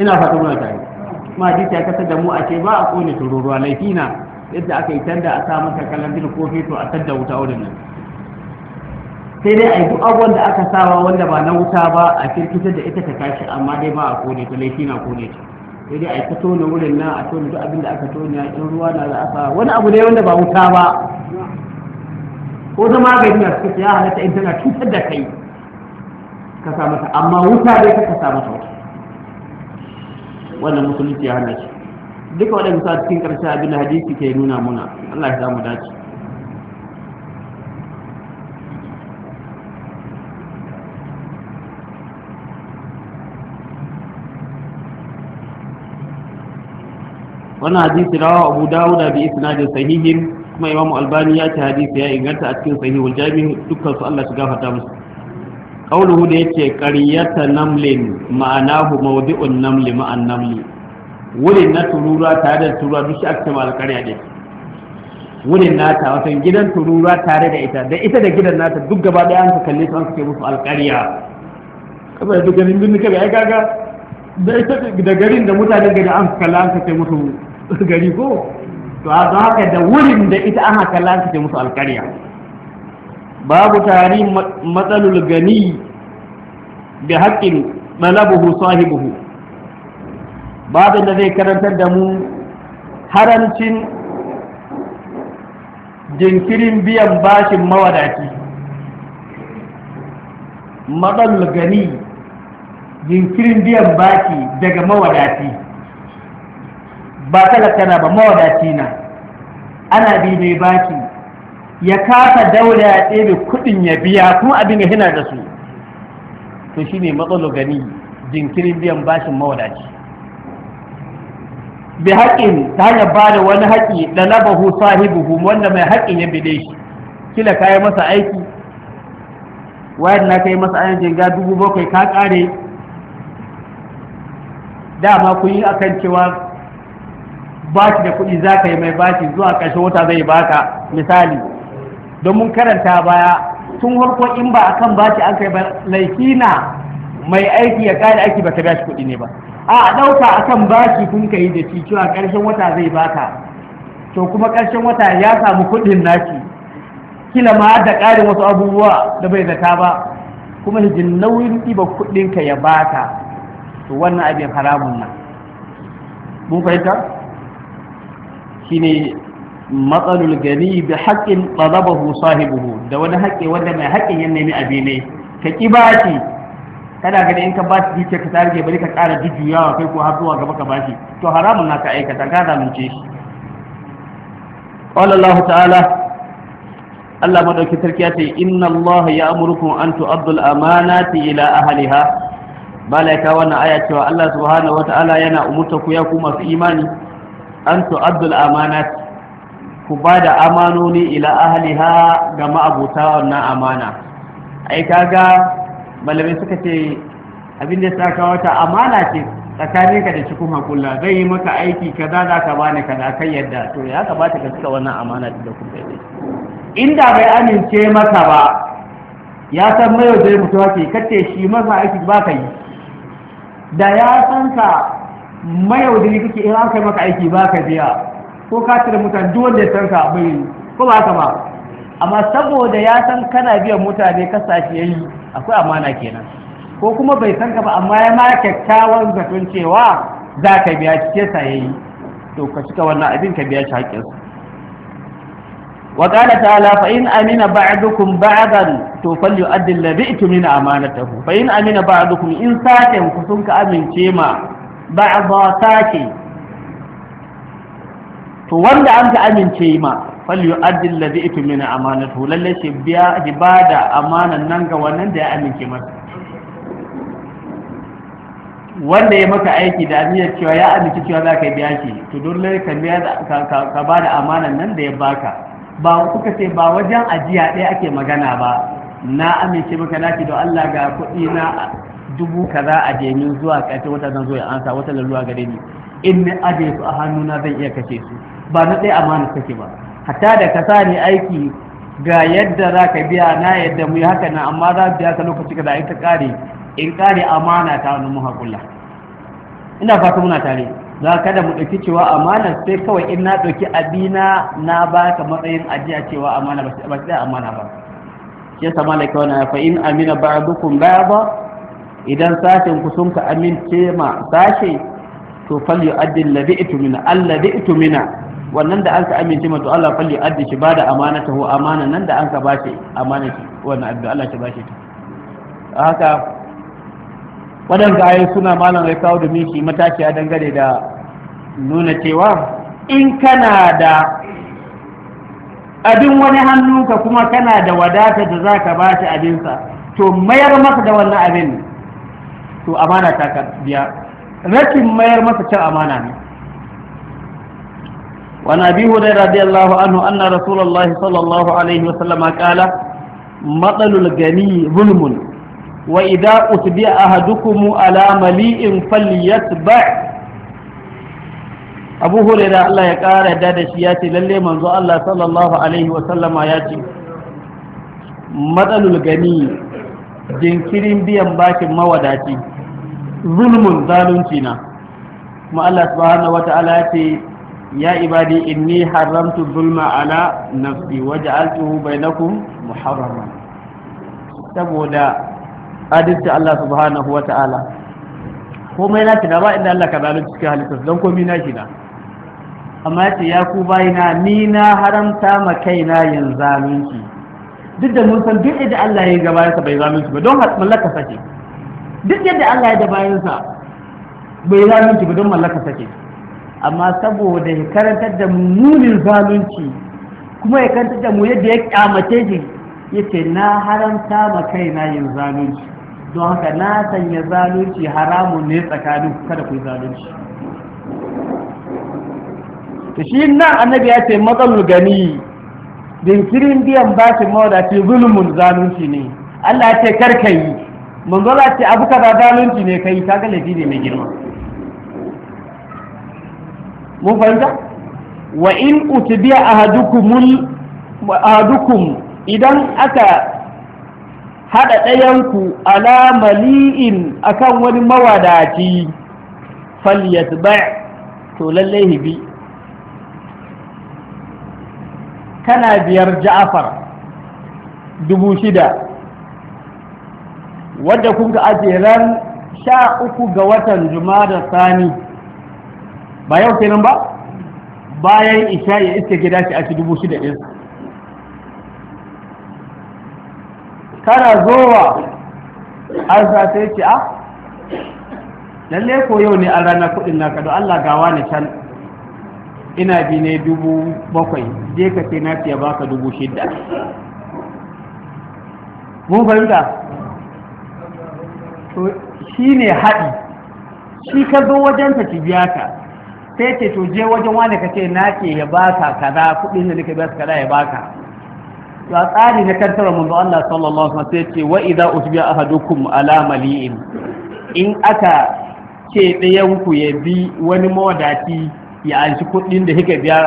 ina fatan muna tare kuma hadisi ya kasa da mu a ce ba a kone tururuwa laifi na yadda aka yi tanda a samu mata kalandir ko feto a tadda wuta wurin nan sai dai a yi duk abubuwan da aka sawa wanda ba na wuta ba a kirkita da ita ta kashi amma dai ba a kone ta laifi na kone ta sai dai a yi ta tona wurin nan a tona duk abin da aka tona a cikin ruwa na za a sawa wani abu ne wanda ba wuta ba ko zama ga na suke ya halatta in tana cutar da kai ka sa mata amma wuta dai ka sa mata wuta wannan musulunci ya hana shi duka waɗanda sa cikin ƙarshe abin da hadisi ke nuna muna Allah ya samu dace wannan hadisi rawa Abu Dawud bi isnadin sahihin kuma imamu Albani ya ce hadisi ya inganta a cikin sahihul Jami dukkan su Allah shi gafarta musu kauluhu da yace qaryata namlin ma'anahu mawdi'un namli ma'an namli wurin na turura tare da turura duk shi aka cewa alƙarya ne wurin nata wato gidan turura tare da ita da ita da gidan nata duk gaba ɗaya an ka kalle su an suke musu alƙarya kamar duk garin birni kabe ai gaga da ita da garin da mutane gari an ka kalla an ka ce musu gari ko to a haka da wurin da ita an ka kalla an ka ce musu alƙarya babu tari matsalul gani da haƙƙin ɗalabuhu sahibuhu babin da zai karantar da mu harancin jinkirin biyan bashin mawadaki matsalul gani jinkirin biyan baki daga mawadaki ba kala na ba mawadaki na ana bi mai baki ya kasa daura ya ɗebe kuɗin ya biya kuma abin da hina da su to shi ne matsalo gani jinkirin biyan bashin mawadaci bi haƙin ta hanyar ba da wani haƙi da labahu sahibuhu wanda mai haƙin ya bide shi kila ka yi masa aiki wayar na ka yi masa ayin jinga dubu bakwai ka ƙare dama kun yi akan cewa bashi da kuɗi za ka yi mai bashi zuwa ƙarshen wata zai baka misali don mun karanta baya tun harko in ba akan bashi an kai ba laifi na mai aiki ya kare aiki baka biya shi kuɗi ne ba a ɗauka akan bashi kun kai da shi cewa ƙarshen wata zai baka to kuma ƙarshen wata ya samu kuɗin naki kila ma da ƙarin wasu abubuwa da bai zata ba kuma hijin nauyin ɗiba kuɗin ka ya baka to wannan abin haramun nan mun fahimta shine matsalul gani bi haƙƙin ɗalabahu sahibuhu da wani haƙƙi wanda mai haƙƙin ya nemi abi ne ka ƙi bashi kana gani in ka bashi dukiyar ka tarige bari ka ƙara jujjuyawa kai ko har zuwa gaba ka bashi to haramun na ka aikata ka zalunce shi qala Allah ta'ala Allah madauki sarki ya ce inna Allah ya an tu'addu al-amanati ila ahliha malaika wannan aya cewa Allah subhanahu ta'ala yana umurta ku ya ku masu imani an tu'addu al-amanati ku ba da amanoni ila ahliha ga ma'abuta wannan amana ai kaga malamai suka ce abin da ya kawo ta amana ce tsakanin ka da cikin hakulla zai yi maka aiki kaza za ka bani kaza kai yadda to ya kamata ka cika wannan amana da kuka yi inda bai amince maka ba ya san mayo zai mutu wake kace shi masa aiki ba ka yi da ya san ka mayo da kake in an kai maka aiki ba ka biya ko ka cire mutane duk wanda ya san ka bai ko ba haka ba amma saboda ya san kana biyan mutane ka sashi yayi akwai amana kenan ko kuma bai san ka ba amma ya ma kyakkyawan zaton cewa za ka biya shi ke sa yayi to ka cika wannan abin ka biya shi haƙƙinsa وقال تعالى فإن أمن بعضكم بعضا فليؤدي الذي ائتمن أمانته فإن أمن بعضكم إن ساكن فسنك أمن شيما بعضا ساكن to wanda an ta amince ma falyu addil ladhi itmina amanatu lalle shi biya ibada amanan nan ga wannan da ya amince masa wanda ya maka aiki da aniyar cewa ya amince cewa za ka biya shi to dole ka biya ka ba da amanan nan da ya baka ba kuka ce ba wajen ajiya ɗaya ake magana ba na amince maka naki don Allah ga kuɗi na dubu kaza a jemin zuwa ƙarshe wata zan zo ya ansa wata lalluwa gare ni in ni ajiye su a hannuna zan iya kashe su ba na ɗaya amana take ba hatta da ka sa ni aiki ga yadda za ka biya na yadda mu yi haka nan amma za biya ka lokaci da ita kare in kare amana ta wani muhakulla ina fata muna tare za ka da mu ɗauki cewa amana sai kawai in na ɗauki abina na ba ka matsayin ajiya cewa amana ba sai amana ba sama da kyau wani fa in amina ba, baya ba. idan sashen ku sun ka amince ma sashe to fal yu'addi alladhi mina, min alladhi itu mina wannan da an ka amince mata Allah falli addi shi da amana ho amana nan da an ka bashi amanati wannan addu Allah ta bashi ta haka waɗanda ayoyi suna malam rai kawo domin shi matashiya dangane da nuna cewa in kana da abin wani hannu ka kuma kana da wadata da za ka ba shi abinsa to mayar masa da wannan abin to amana ta biya rashin mayar masa cin amana ne وعن أبي هريرة رضي الله عنه أن رسول الله صلى الله عليه وسلم قال مطل الغني ظلم وإذا أتبع أحدكم على مليء فليتبع Abu Hurairah Allah ya ƙara yarda da shi ya ce lalle manzo Allah sallallahu alaihi wa sallama ya ce matsalul gani jinkirin biyan bakin mawadaci zulmun zalunci na kuma Allah ya ce يا عبادي إني حرمت الظلم على نفسي وجعلته بينكم محرما saboda adalci Allah subhanahu wa ta'ala komai na shi na ba inda Allah ka zalunci cikin halittar don komai na shi na amma ce ya ku bayina ni na haramta ma kaina yin zalunci duk da mun san duk yadda Allah ya yi gabayinsa bai zalunci ba don mallaka sake duk yadda Allah ya da bayansa bai zalunci ba don mallaka sake amma saboda ya karantar da munin zalunci kuma ya karantar da mu yadda ya kyamace shi ya ce na haramta ma kaina yin zalunci don haka na sanya zalunci haramun ne tsakanin kada ku zalunci ta shi nan annabi ya ce matsalul gani dinkirin biyan mawada ce zulumun zalunci ne Allah ya ce karka yi ce abu kaza zalunci ne kai kaga laifi ne mai girma mun fahimta wa in utbiya ahadukum idan aka haɗa ɗayanku ala mali'in akan wani mawadaci falyatba to lallai hibi kana biyar ja'afar dubu shida wadda kun ga ajeran sha uku ga watan juma'a da sani ba yau kenan ba bayan isha ya iske gida shi a ci dubu shida ɗin kana zowa an sa sai ce a ah, lalle ko yau ne an ranar kuɗin naka don Allah gawa ne can ina bi ne dubu bakwai je ka ce na ya baka dubu shida mun fahimta to shi ne haɗi shi ka zo wajen ka ki biya ka sai ce to je wajen wani ka ce na ce ya baka kaza kuɗin da nika ba su kaza ya baka to a tsari na kantar manzo Allah sallallahu alaihi wasallam sai ce wa idza usbiya ahadukum ala mali'in in aka ce ɗayan ku ya bi wani mawadaci ya anshi kuɗin da kika biya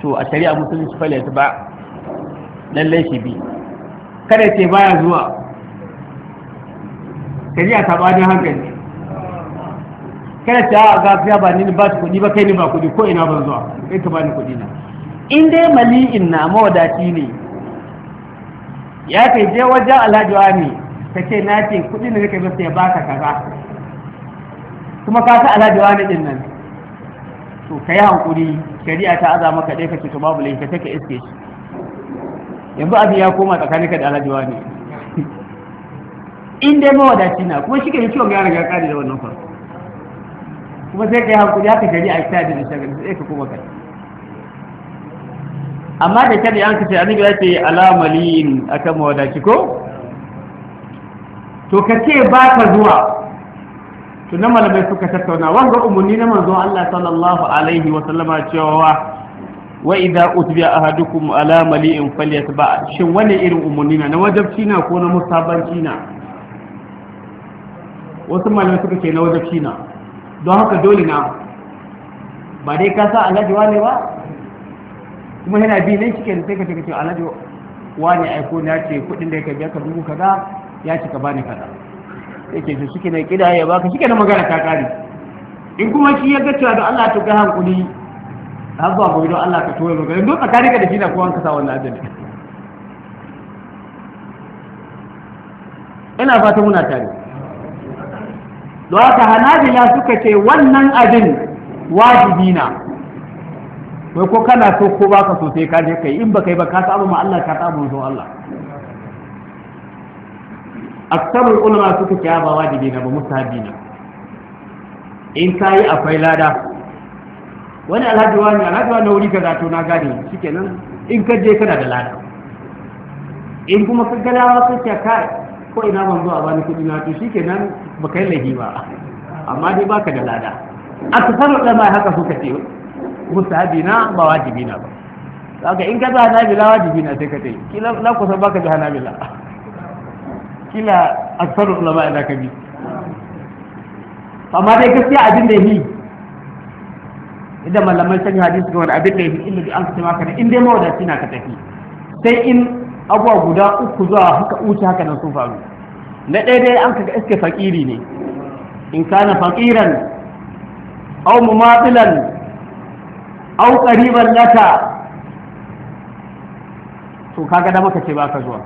to a shari'a musulunci fa ba lallai shi bi kada ce baya zuwa shari'a ta bada hankali kada ta gafiya ba ni ba kuɗi ba kai ni ba kuɗi ko ina ban zuwa kai ka bani kuɗi na in dai mali'in na mawadaci ne ya kai je wajen alhaji wani ka ce na ce kuɗi ne kai masa ya baka kaza kuma ka sa alhaji wani din nan to ka yi hankuri shari'a ta aza maka dai kake to babu laifi ka iske shi yanzu abin ya koma tsakanin ka da alhaji wani in dai mawadaci na kuma shi ke yi ciwon ya riga kare da wannan farko kuma sai ka yi hankuli haka shari'a ta da shagali sai ka kuma kai amma da kada an kace annabi ya ce alamalin akan mawadaci ko to ka ce ba ka zuwa to na malamai suka tattauna wanga umarni na manzo Allah sallallahu alaihi wa sallama cewa wa idza utbiya ahadukum ala mali'in falyatba shin wani irin umarni na wajabci na ko na musabanci na wasu malamai suka ce na wajabci na don haka dole na ba dai ka sa alhaji wane ba kuma yana bi nan shi sai ka ce ce alhaji wane aiko na ce kudin da ya biyar ka dubu kaza ya cika ka bani kaza sai ke shi ke na kida ya baka shi ke na magana ta kare in kuma shi ya ga cewa da Allah ta ga hankuli har zuwa gobe don Allah ka toye magana don tsakanin ka da shi na kowa an kasa wannan ajali ina fata muna tare don haka hanabila suka ce wannan abin wajibi na wai ko kana so ko baka so sai ka je kai in baka yi ba ka saba ma Allah ka saba so Allah aksarul ulama suka ce ba wajibi na ba musahabi na in ka yi akwai lada wani alhaji wani alhaji wani wuri ga zato na gane shikenan in ka je kana da lada in kuma ka gada wasu ka ko ina ban zuwa bani kudi na to shikenan ba kai laifi ba amma dai baka da lada faru da mai haka suka ce musahabi na ba wajibi na ba kaga in ka za hanabila wajibi na sai ka ce kila la kusa baka ga hanabila kila aksaru ulama ina ka bi amma dai gaskiya abin da yi idan malaman sani hadisi ga abin da yi illa bi an kace maka ne in dai mawadaci na ka tafi sai in abuwa guda uku zuwa haka uci haka nan sun faru na daidai an kaga iske fakiri ne in kana au mu mumatilan au ƙariban lata to kaga da maka ce ba ka zuwa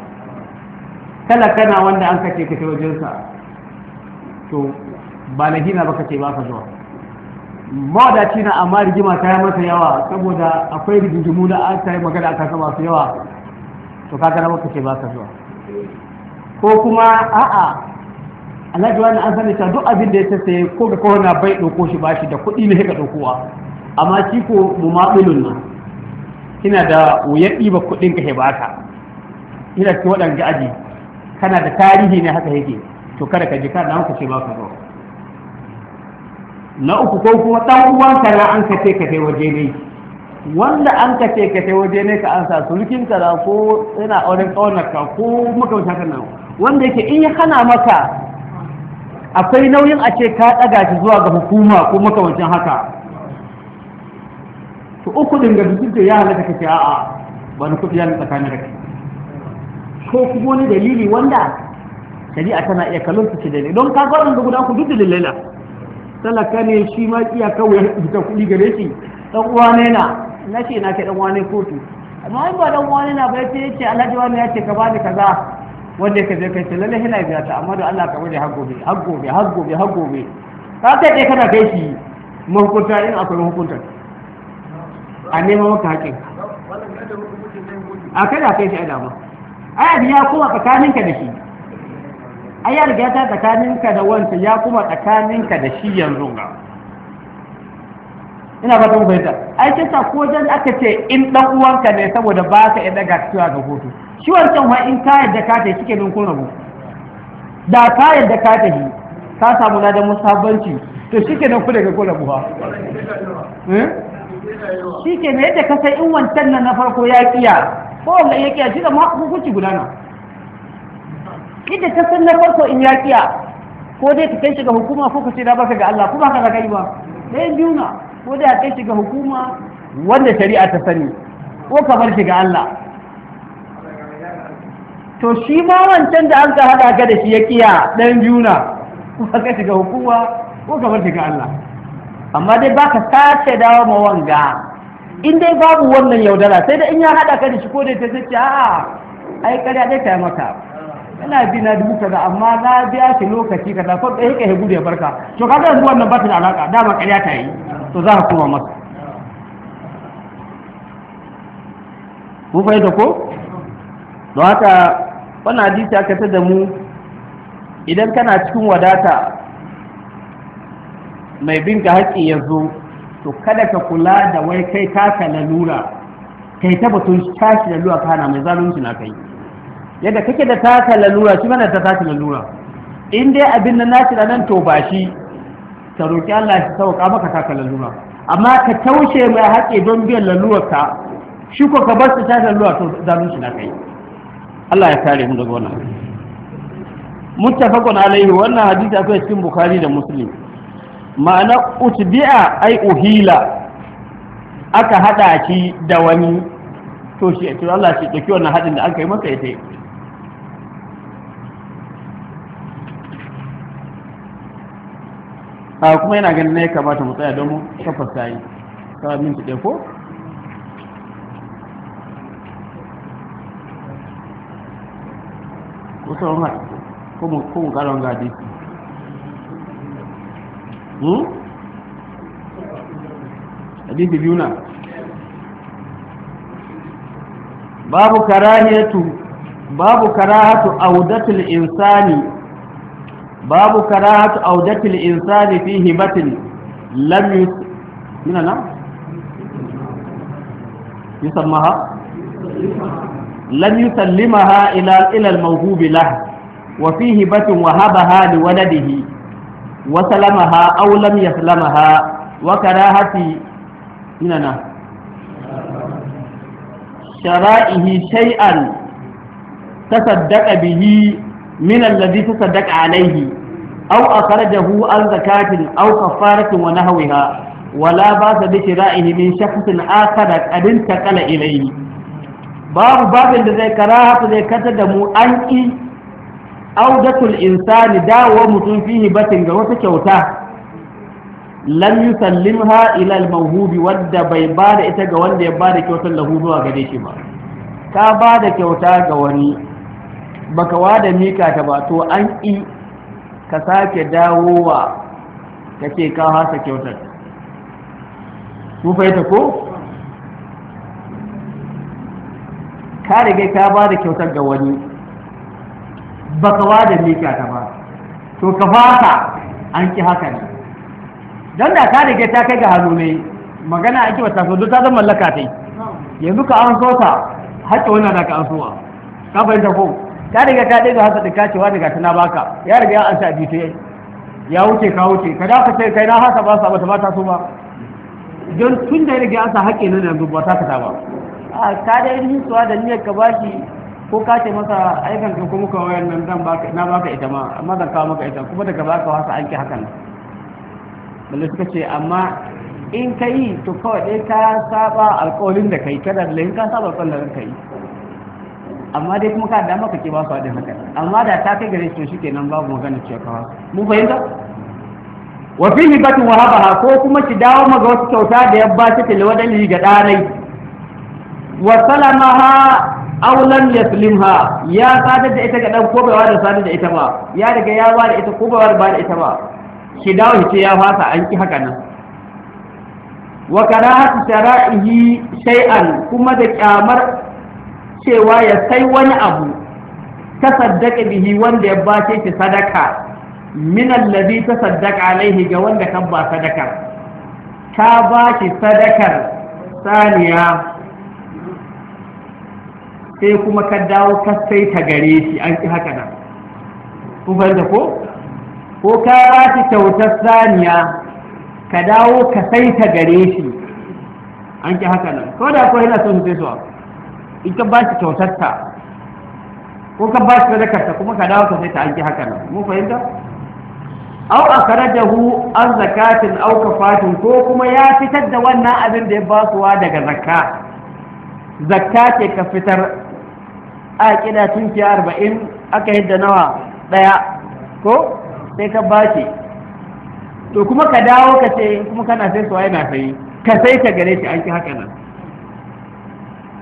kala kana wanda an kace ka wajen sa to ba na gina baka ce ba ka zuwa mawadaci na amma rigima ta yi masa yawa saboda akwai rigingimu da ta yi magana aka masu yawa to kaga na maka ce ba ka zuwa ko kuma a'a alhaji wani an sani ta duk abin da ya sai ko ga kowane bai ɗauko shi ba shi da kuɗi ne ka ɗaukowa amma shi ko mu maɓilun nan kina da wuyar ɗiba kuɗin ka ba ka ina ci waɗanda aji kana da tarihi ne haka yake to kada ka je ka na ce ba ka zo na uku ko kuma ɗan uwanka na an ka ce ka kai waje ne wanda an ka ce ka kai waje ne ka ansa sa ka da ko yana auren ka ko wuce haka nan wanda yake in ya hana maka akwai nauyin a ce ka ɗaga shi zuwa ga hukuma ko makamancin haka to uku din ga duk ya halatta kake a'a ba na kuɗi yana tsakanin da ko kuma wani dalili wanda shari'a tana iya kallon su ce dalili don ka ga wanda guda ku duk da na talaka ne shi ma iya kawai ya fita kuɗi gare shi dan uwa ne na na ce na ke dan uwa ne kotu amma ba dan uwa ne na ba ya ce alhaji wani ya ce ka bani kaza wanda ka je kai lalle hina biya ta amma da Allah ka gode har gobe har gobe har gobe har gobe ka ta dai kana kai shi mahukunta in akwai mahukunta a neman maka haƙin a kada kai shi a dama ai abi ya kuma tsakaninka da shi ai ya riga ta tsakaninka da wancan ya kuma tsakaninka da shi yanzu ga ina fata mu fahimta ai sai sa ko dan aka ce in dan uwanka ne saboda ba ka yadda ga cewa ga hoto shi wancan wa in ka yadda ka shi shike kun rabu da ka yadda ka ta ka samu na da musabanci to shike nan ku daga kun rabu ha eh? shike ne yadda ka sai in wancan nan na farko ya kiya ko wanda ya kiya shi da hukunci gudana yadda ka san na farko in ya kiya ko dai ka kai shi ga hukuma ko ka ce da baka ga Allah ko baka ga kai ba dai biyu na ko da kai shiga hukuma wanda shari'a ta sani ko kamar shiga Allah to shi ma wancan da an ka haɗa ka da shi ya kiya ɗan juna ko ka shiga hukuma ko kamar shiga Allah amma dai ba ka sace dawo ma wanga in dai babu wannan yaudara sai da in ya haɗa ka da shi ko da ta sace a'a ai kariya dai ta maka ina bi na dubu kaza amma na biya shi lokaci kaza ko da ka hegudu ya barka to kaga yanzu wannan ba ta da alaka dama ƙarya ta yi to za ka koma masa mun fahimta ko don haka wannan hadisi aka ta da mu idan kana cikin wadata mai bin ka haƙƙi ya zo to kada ka kula da wai kai taka lalura kai ta batun tashi lalura ka hana mai zalunci na kai yadda kake da tasa lalura shi mana ta tasa lalura in dai abin nan nasi da nan to ba shi ka roƙi Allah shi sauka maka tasa lalura amma ka taushe mai haƙe don biyan ka shi ko ka bar su tasa lalura to zalun shi na kai Allah ya kare mu daga wannan muttafaqun alaihi wannan hadisi akwai cikin bukhari da muslim ma'ana utbi'a ai uhila aka hada shi da wani to shi to Allah shi dauki wannan hadin da aka yi masa ya tai a kuma yana ganin na ya kamata mu tsaya don mu tabbas ta yi ta minti ɗaya ko ko sauran ha ko mu ƙarar gadi ƙara wanga hmm? hadisi biyu na babu karahiyatu babu karahatu audatul insani babu karahatu audatil insani fi hibatin lam yus mina na yusammaha lam yusallimaha ila ila al-mawhubi lahu wa fi hibatin wahabaha li waladihi wa salamaha aw lam yaslamaha wa karahati mina na shara'ihi shay'an tasaddaqa bihi min alladhi tasaddaqa alayhi aw akhrajahu an zakatin aw kafaratin wa nahwiha wala ba'sa bi shira'ihi min shakhsin akhar qad intaqala ilayhi babu babin da zai karahata zai kata da mu an ki audatul insani dawo mutum fihi batin ga wata kyauta lam yusallimha ila al wadda bai bada ita ga wanda ya bada kyautar lahu ga gare ba ka bada kyauta ga wani baka wada mika ta ba to an ƙi ka sake dawowa ka ce ka hasa kyautar kufai fahimta ko? ka riga ka ba da kyautar ga wani baka wada mika ta ba to ka fata an ƙi haka ne don da ka riga ta kai ga hannu ne magana ake wata so duk ta zama mallaka ta yanzu ka an so ta haƙƙi wannan da ka an sowa ka fahimta ko ka riga ka ɗaya hasa ɗin kacewa daga tana baka ya riga ya an sa abita ya wuce ka wuce ka da ka sai kai na hasa ba sa ba ta so ba don tun da ya riga an sa haƙƙi na yanzu ba ta ka ta ba a ka da yin suwa da niyyar ka bashi ko ka ce masa aikan ka kuma ka wayan nan zan baka na baka ita ma amma zan kawo maka ita kuma daga baka wasa an ki hakan balle suka ce amma in ka yi to kawai ɗaya ka saba alƙawarin da kai kada da ka saba alƙawarin da ka yi amma dai kuma ka da maka kake ba su haɗin haka amma da ta kai gare shi to nan babu magana cewa kawa mu fahimta wa fihi wa wahabaha ko kuma ki dawo maga wasu kyauta da ya ba take lawadan ga ɗanai wa ha aw lam yaslimha ya sadar da ita ga dan ko bai wada sadar da ita ba ya riga ya wada ita ko bai wada ba da ita ba ki dawo ki ce ya fasa an ki haka nan wa karahatu shara'ihi shay'an kuma da kyamar cewa ya sai wani abu ta saddaka bihi wanda ya bace shi sadaka min allazi ta saddaka alaihi ga wanda kan ba sadakar ka ba shi sadakar saniya sai kuma ka dawo ka sai ta gare shi an ki haka nan kun fahimta ko ko ka ba shi kyautar saniya ka dawo ka sai ta gare shi an ki haka nan ko da ko yana son sai su ita ka ba shi kyautarta ko ka ba shi sadakarta kuma ka dawo ka sai ta aiki haka nan mun fahimta aw akhrajahu an zakatin aw kafatin ko kuma ya fitar da wannan abin da ya basuwa daga zakka zakka ce ka fitar a kida tunki 40 aka yadda nawa daya ko sai ka bashi to kuma ka dawo ka ce kuma kana sai suwaye na sai ka sai ka gare shi an haka nan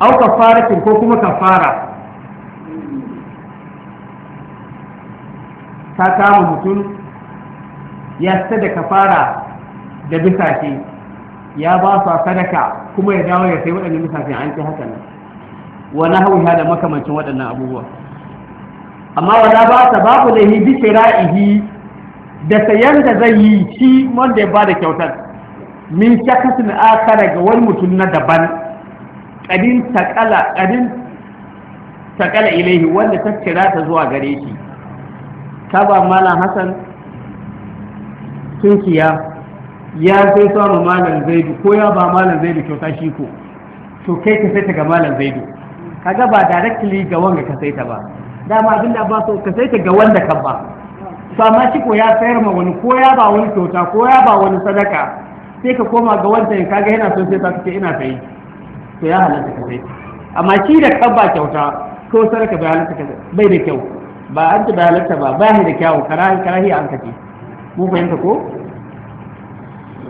au kafaratin ko kuma kafara ka kama mutum ya fita ka kafara da bisashe ya ba su sadaka kuma ya dawo ya sai waɗannan bisashe an ci hakan. nan wani hauya da makamancin waɗannan abubuwa amma wala ba ta babu da hi bi shira'ihi da sayan da zai yi shi wanda ya ba da kyautar min shakasin akara ga wani mutum na daban kadin takala kadin takala ilaihi wanda ta kira ta zuwa gare shi kaba ba malam hasan tunkiya ya sai samu malam zaidu ko ya ba malam zaidu kyauta shi ko to kai ka sai ta ga malam zaidu kaga ba directly ga wanga ka sai ta ba dama abinda ba so ka sai ta ga wanda ka ba to amma shi ko ya sayar ma wani ko ya ba wani kyauta ko ya ba wani sadaka sai ka koma ga wanda kaga yana son sai ta kace ina sayi to ya halatta ka sai amma shi da kan ba kyauta ko saraka bai halatta ka bai da kyau ba an ta bai halatta ba ba da kyau karahi karahi an kace mu fahimta ko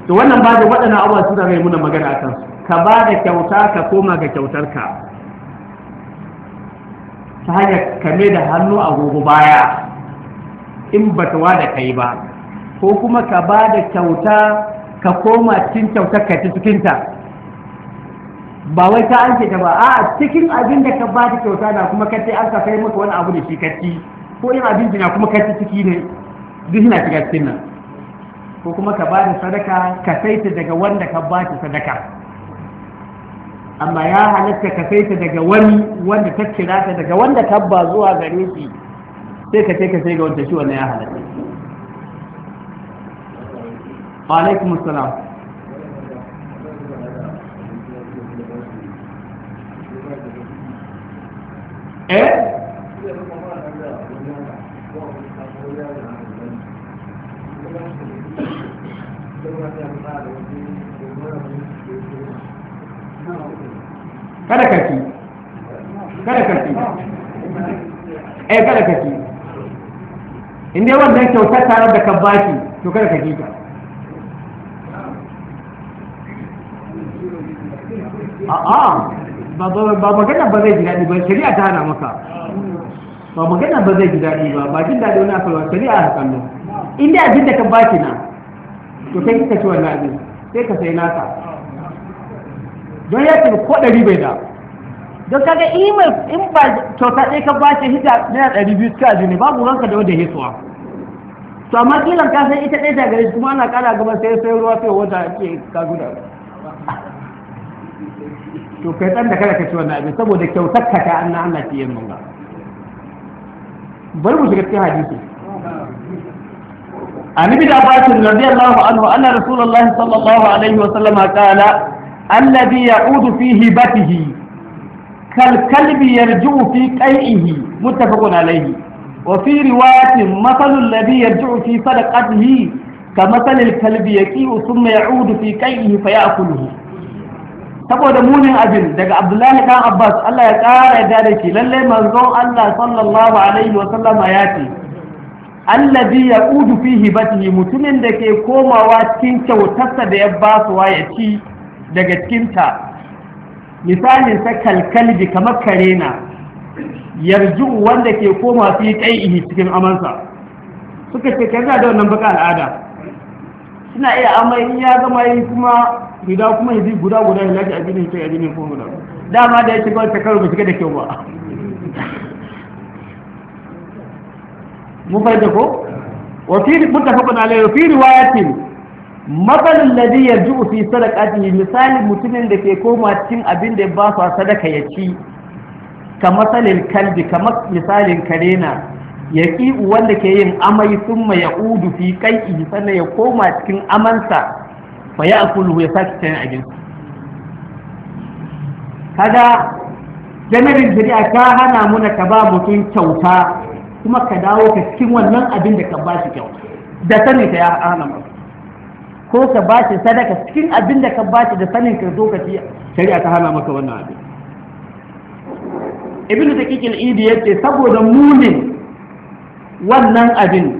to wannan ba da waɗannan abubuwa su da rai muna magana a kansu ka ba da kyauta ka koma ga kyautar ka, ta hanyar mai da hannu a gogo baya in ba ta da kai ba ko kuma ka ba da kyauta ka koma cin kyautar ka ci cikinta ba wai ta an ta ba a cikin abin da ka ba ta kyauta na kuma ka ce an ka kai maka wani abu da shi kaci ko yin abinci na kuma kaci ciki ne duk yana shiga cikin nan ko kuma ka ba da sadaka ka sai ta daga wanda ka ba ta sadaka amma ya halatta ka sai ta daga wani wanda ta kira ta daga wanda ka ba zuwa gare shi sai ka sai ka sai ga wanda shi wannan ya halatta alaikum assalam eh kada kaki kada kaki eh kada kaki in dai wannan kyautar tare da kan baki to kada kaki ka a'a ba magana ba zai ji daɗi ba shari'a ta hana maka ba magana ba zai ji daɗi ba ba jin daɗi wani asalwa shari'a a kallo inda abin da ka baki na to kai kika ci wannan abin sai ka sai naka don ya ce ko ɗari bai da don kaga imel in ba kyauta ɗaya ka baki hita naira ɗari biyu suka ne babu ranka da wanda ya suwa to amma kilan ka san ita ɗaya daga kuma ana ƙara gaba sai sai ruwa sai wata ake kagu da to kai dan da kada ka ci wannan abin saboda kyautar ta annan Allah ke yin manga bari mu shiga cikin hadisi عن ابن عباس رضي الله عنه أن رسول الله صلى الله عليه وسلم قال الذي يعود في هبته كالكلب يرجع في قيئه متفق عليه وفي رواية مثل الذي يرجع في صدقته كمثل الكلب يكيء ثم يعود في قيئه فيأكله saboda munin abin daga abdullahi dan abbas allah ya ƙara yadda da ke lalle manzon allah sallallahu alaihi wa sallama ya ce allazi yaqudu fihi batni mutumin da ke komawa cikin kyautarsa da ya basuwa ya ci daga cikin ta, misalin sa kalkalbi kamar karena yarju wanda ke koma fi kai cikin amansa suka ce kaza da wannan baka al'ada suna iya amai in ya gama yi kuma guda kuma yanzu guda guda ya lafi abin kai ya abin ko guda dama da ya shiga wata karo bai shiga da kyau ba mu fahimta ko wa fi muttafaqun alayhi fi riwayatin matsalin ladhi yarji'u fi sadaqatihi misali mutumin da ke koma cikin abin da ya ba su sadaka ya ci ka matsalin kalbi kamar misalin karena ya ƙi'u wanda ke yin amai sun ma ya udu fi kai sannan ya koma cikin amansa fa ya akulu ya sake cikin abin kaga janarin shari'a ta hana muna ka ba mutum kyauta kuma ka dawo ka cikin wannan abin da ka ba shi kyauta da sanin ka ya hana mu ko ka ba shi sadaka cikin abin da ka ba shi da sanin ka zo ka ci shari'a ta hana maka wannan abin ibnu dakikin idi yace saboda munin wannan abin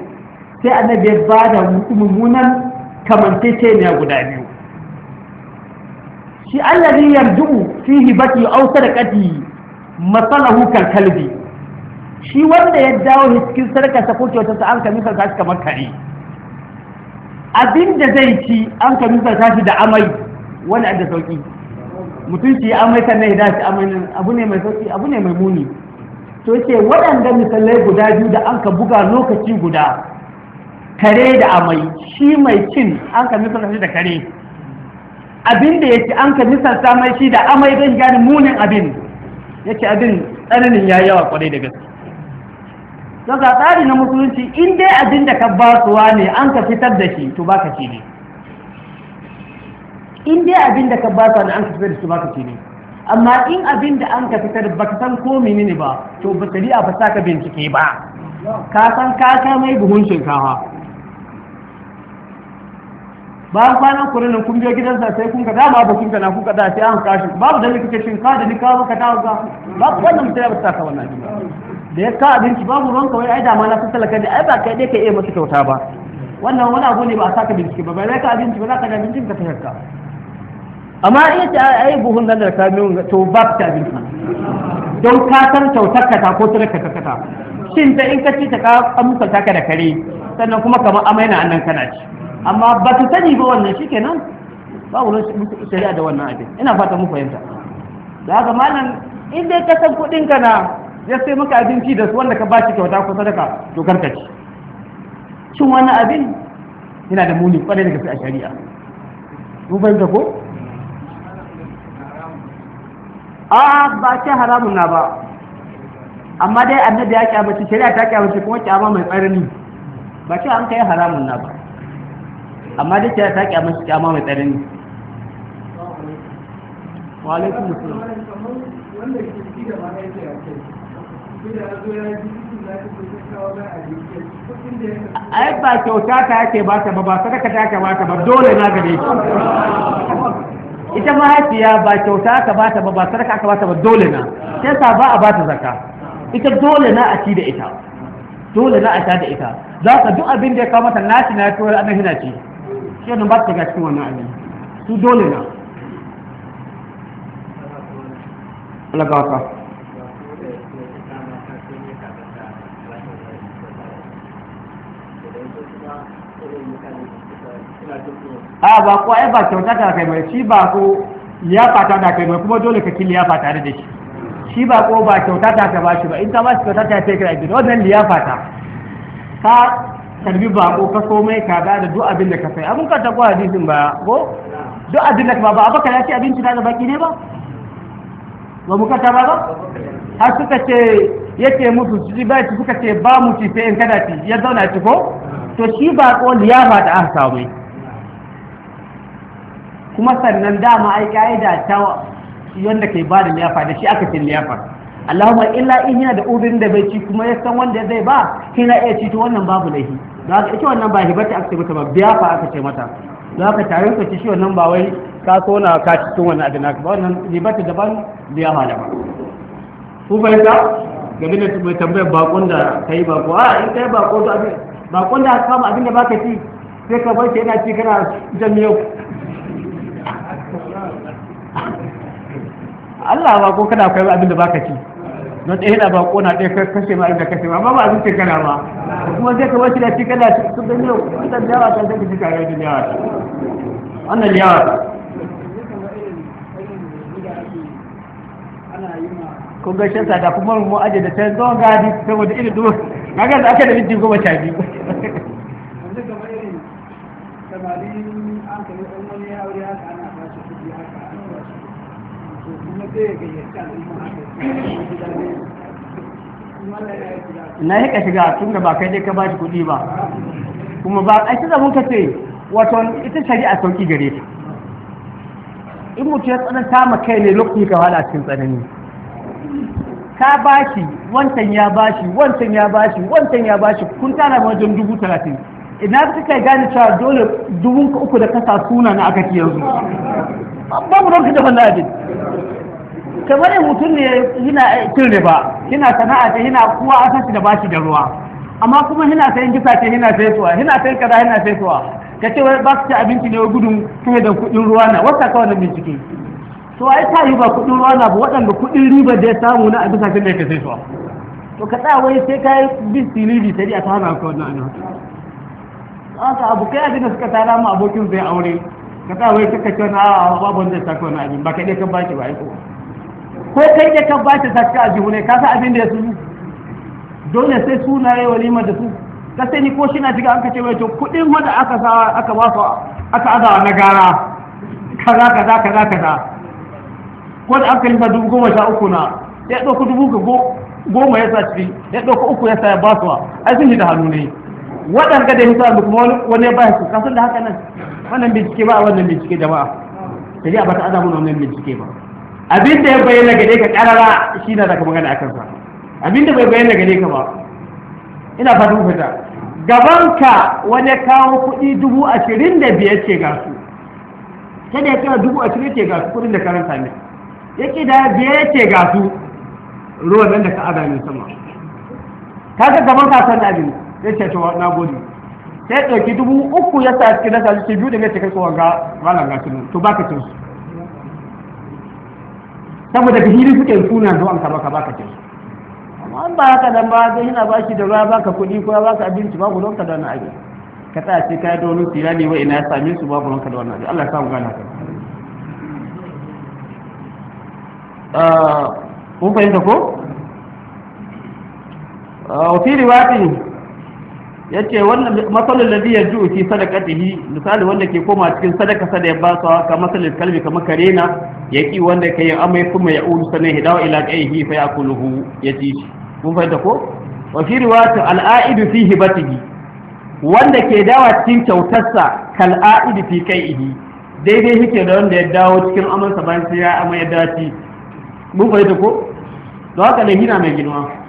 sai annabi ya ba da mummunan ne guda biyu shi allazi yarju'u fihi baki aw sarqati masalahu kal kalbi shi wanda ya dawo cikin sarkarsa ko kyautarsa an kamisa ta shi kamar kare abin da zai ci an kamisa ta shi da amai wani da sauki mutum shi amai kan na hida shi amai abu ne mai sauki abu ne mai muni to ce waɗanda misalai guda biyu da an ka buga lokaci guda kare da amai shi mai cin an ka misalta shi da kare abin da ya ci an ka misalta mai shi da amai zai gane munin abin ya ce abin tsananin ya yawa kwarai da gaske don ka tsari na musulunci in dai abin da ka ba suwa ne an ka fitar da shi to baka ci ne in dai abin da ka ba suwa ne an ka fitar da shi baka ci ne amma in abin da an ka fitar ba ka san ko ne ba to ba shari'a ba sa ka bincike ba ka san ka ka mai buhun shinkawa ba kwanan kuri nan kun biyo gidansa sai kun ka dama ba kun ka na kun ka sai an kashi babu da kake shinkawa da nikawa ka tawo ga babu wannan mutane ba sa ka wannan da ya ka abinci babu ruwan kawai ai dama na fasala kai ai ba kai dai ka iya masa kyauta ba wannan wani abu ne ba a saka bincike ba bai ka abinci ba za ka da abincin ka ta yarka amma ce a yi buhun nan da ka min to ba ta abinci don ka san kyautarka ta ko tura ta ta shin ta in ka ci ta ka amsa ta ka da kare sannan kuma kamar amai na annan kana ci amma ba ta sani ba wannan shi kenan ba wurin shari'a da wannan abin ina fata mu fahimta da haka malam in dai ka san kuɗin ka na ya sai maka abinci da su wanda ka shi kyauta ko sadaka to karka ci shin wannan abin yana da muni kwarai da gaske a shari'a mun fahimta ko a ba ce haramun na ba amma dai annabi ya kyamace shari'a ta kyamace kuma kyama mai tsarni ba ce an kai haramun na ba amma dai shari'a ta kyamace kyama mai tsarni wa alaikum assalam wanda ke ci da ma ce ai ba kyauta ta yake ba ta ba ba sadaka ta yake ba ta ba dole na gare shi ita mahaifiya ba kyauta aka bata ba ba sadaka aka bata ba dole na sai sa ba a bata zakka ita dole na a ci da ita dole na a sha da ita za ka duk abin da ya kawo mata naci na tuwar annan hina ci shi ne ba ta ga cikin wannan abin su dole na Allah ga waka Thank you. a ba ko ai ba kyauta ta kai mai shi ba ko ya fata da kai mai kuma dole ka kili ya fata da shi shi ba ko ba kyauta ta ka bashi ba in ta bashi kyauta ta kai kai da wannan liyafa ta ka karbi ba ko ka komai ka ka da duk abin da ka sai abun ka ta ko hadisin ba ko duk abin da ka ba abaka ya ce abinci da baki ne ba ba mu kata ba ba har suka ce yake musu ji ba suka ce ba mu ci sai in kada ci ya zauna ci ko to shi ba ko liyafa ta aka samu kuma sannan dama ai ka'ida ta wanda ke ba da liyafa da shi aka cin liyafa Allahumma illa in yana da ubin da bai ci kuma ya san wanda zai ba kina iya ci to wannan babu laifi da haka ci wannan ba hibata aka ce mata ba biyafa aka ce mata da haka tare ka ci shi wannan ba wai ka so na ka ci tun wannan adana ba wannan ribata daban biyafa daban ku fahimta game da mai tambayar bakon da kai bako a ah, in kai bako da abin bakon da aka samu abin da baka ci sai ka bar shi yana ci kana jan miyau Allah ba ko kana kai abin da baka ci don ɗaya yana bako na ɗaya kashe ma inda kashe ma amma ba abin kana ba kuma sai ka bashi da shi kana shi sun gani wannan yawa ta sai ka ci kare da yawa ta wannan yawa ta kun ga shan sada kuma mu aje da ta zo gadi saboda irin duk duwa ga da aka da minti goma sha biyu yanzu kamar irin samarin an kai wani aure haka na yi ka shiga tun da ba kai dai ka ba shi kuɗi ba kuma ba a shi zamun ka ce wato ita a sauki gare ta in mutu ya tsanan ma kai ne lokaci ka fada cikin tsanani ka ba shi wancan ya ba shi wancan ya ba shi wancan ya ba shi kun tara ma wajen dubu talatin ina ka kai gane cewa dole dubu uku da kasa suna na aka yanzu babu ruwanka da wannan abin kamar mutum ne yana cin riba yana sana'a ta yana kuwa a sashi da bashi da ruwa amma kuma yana sayan gisa ce yana sai tuwa yana sayan kaza yana sai tuwa ka ce wai ba su ci abinci ne gudun kai da kuɗin ruwa na wata kawai da bincike to ai ta yi ba kuɗin ruwa na ba waɗanda kuɗin riba da ya samu na abin sashen da ya sai tuwa to ka tsaya wai sai ka yi bin silibi ta riya ta hana ka wannan abu. haka abokai abin da suka tara mu abokin zai aure ka sa wai kaka cewa a babu da ta saka wani ba kai dai ka bashi ba aiko ko Ko kai dai ka bashi saka a jihu ne ka sa abin da ya su dole sai yi walima da su ka ni ko shi na shiga an ka ce wai to kuɗin wanda aka sa aka ba su aka azawa na gara kaza kaza kaza kaza ko da aka yi dubu goma sha uku na ya ɗauki dubu ga goma ya sa ciki ya ɗauki uku ya sa ya ba su ai sun shi da hannu ne waɗanda da hisa da kuma wani ya ba su kasan da haka nan wannan bincike ba wannan bincike jama'a shari'a ba ta azabu wannan bincike ba Abin da ya bayyana gare ka karara shi na zaka magana akan sa da bai bayyana gare ka ba ina fata ku fita ka wani kawo kuɗi dubu ashirin da biyar ce ga su sai da ya kira dubu ashirin ce ga su kuɗin da karanta ne ya ce da biyar ce ga su ruwan nan da ka aza min sama ka ga gaban ka san abin ya ce to na gode sai ɗauki dubu uku ya sa cikin nasa ce biyu da mai cikin tsohon ga malam ga sunu to baka cin su saboda ka hili suke suna don an karba ka baka cin su amma an ba haka dan ba zai yana ba shi da ruwa baka kuɗi ko ya baka abinci babu don ka da wani abin ka tsaya sai ka yi da wani ne wa ina ya same su babu don ka da wani abin Allah ya samu gana ka ah, kun fahimta ko? وفي ah, رواية Ya ce wannan da ladhi yaju fi sadaqatihi misali wanda ke koma cikin sadaka sada ya ba su ka masalul kalbi kamar karena yaki wanda yi amai kuma ya ulu sana hidawa ila qayhi fa yakuluhu shi mun fahimta ko wa fi riwayat al-a'id fi hibatihi wanda ke dawa cikin kyautarsa kal a'id fi kaihi daidai yake da wanda ya dawo cikin amansa bayan sai ya amai ya dace mun fahimta ko don haka ne hina mai girma.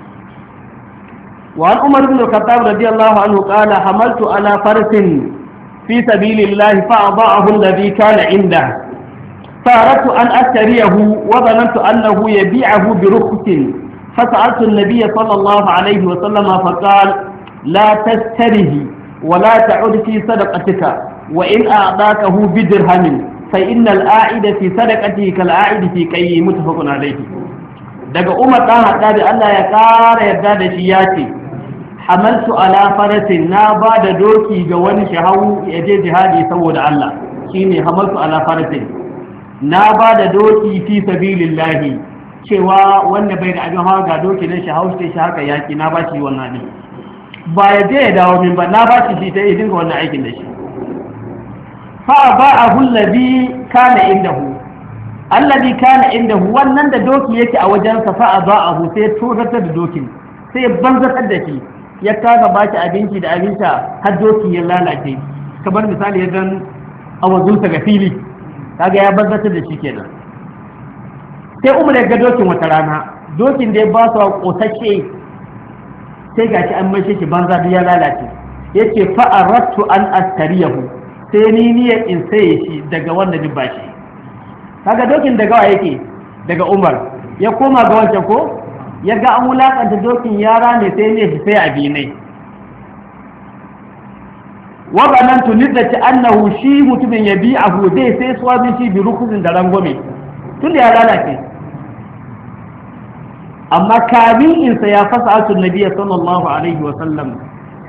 وعن عمر بن الخطاب رضي الله عنه قال حملت على فرس في سبيل الله فأضاعه الذي كان عنده فأردت أن أشتريه وظننت أنه يبيعه برخص فسألت النبي صلى الله عليه وسلم فقال لا تشتره ولا تعد في صدقتك وإن أعطاكه بدرهم فإن الآعد في صدقته كالآعد في كي متفق عليه daga umar ɗan haɗa da Allah ya ƙara yarda da shi ya ce hamaltu ala farasin na ba da doki ga wani shahu ya je jihadi saboda Allah shine Hamatu ala farasin na bada doki fi sabilillahi cewa wanda bai da abin hawa ga doki na shahawu sai shi haka yaki na ba shi wannan ne ba ya je ya dawo min ba na ba shi shi ta idin ga wannan aikin da shi fa ba a hullabi kana indahu allabi kana indahu wannan da doki yake a wajensa fa a ba a hu sai tsoratar da dokin sai banzatar da shi ya kaga ba ki abinci da abin sha har doki ya lalace kamar misali ya gan zuwa ga fili kaga ya bazzatar da shi kenan sai umar ya ga dokin wata rana dokin da ya ba su a ƙosashe sai ga shi an maishe shi banza ya lalace ya ce fa'arattu an astariyahu sai ni niyar in saye shi daga wanda ni ba shi kaga dokin daga wa yake daga umar ya koma ga wancan ko ya ga an wulaƙanta dokin yara ne sai ne shi sai abi ne wa banan tunida ci annahu shi mutumin ya bi a hude sai suwabin shi bi rukuzin da rangwame tun da ya lalace amma kamin insa ya fasa atun nabiya sallallahu alaihi wasallam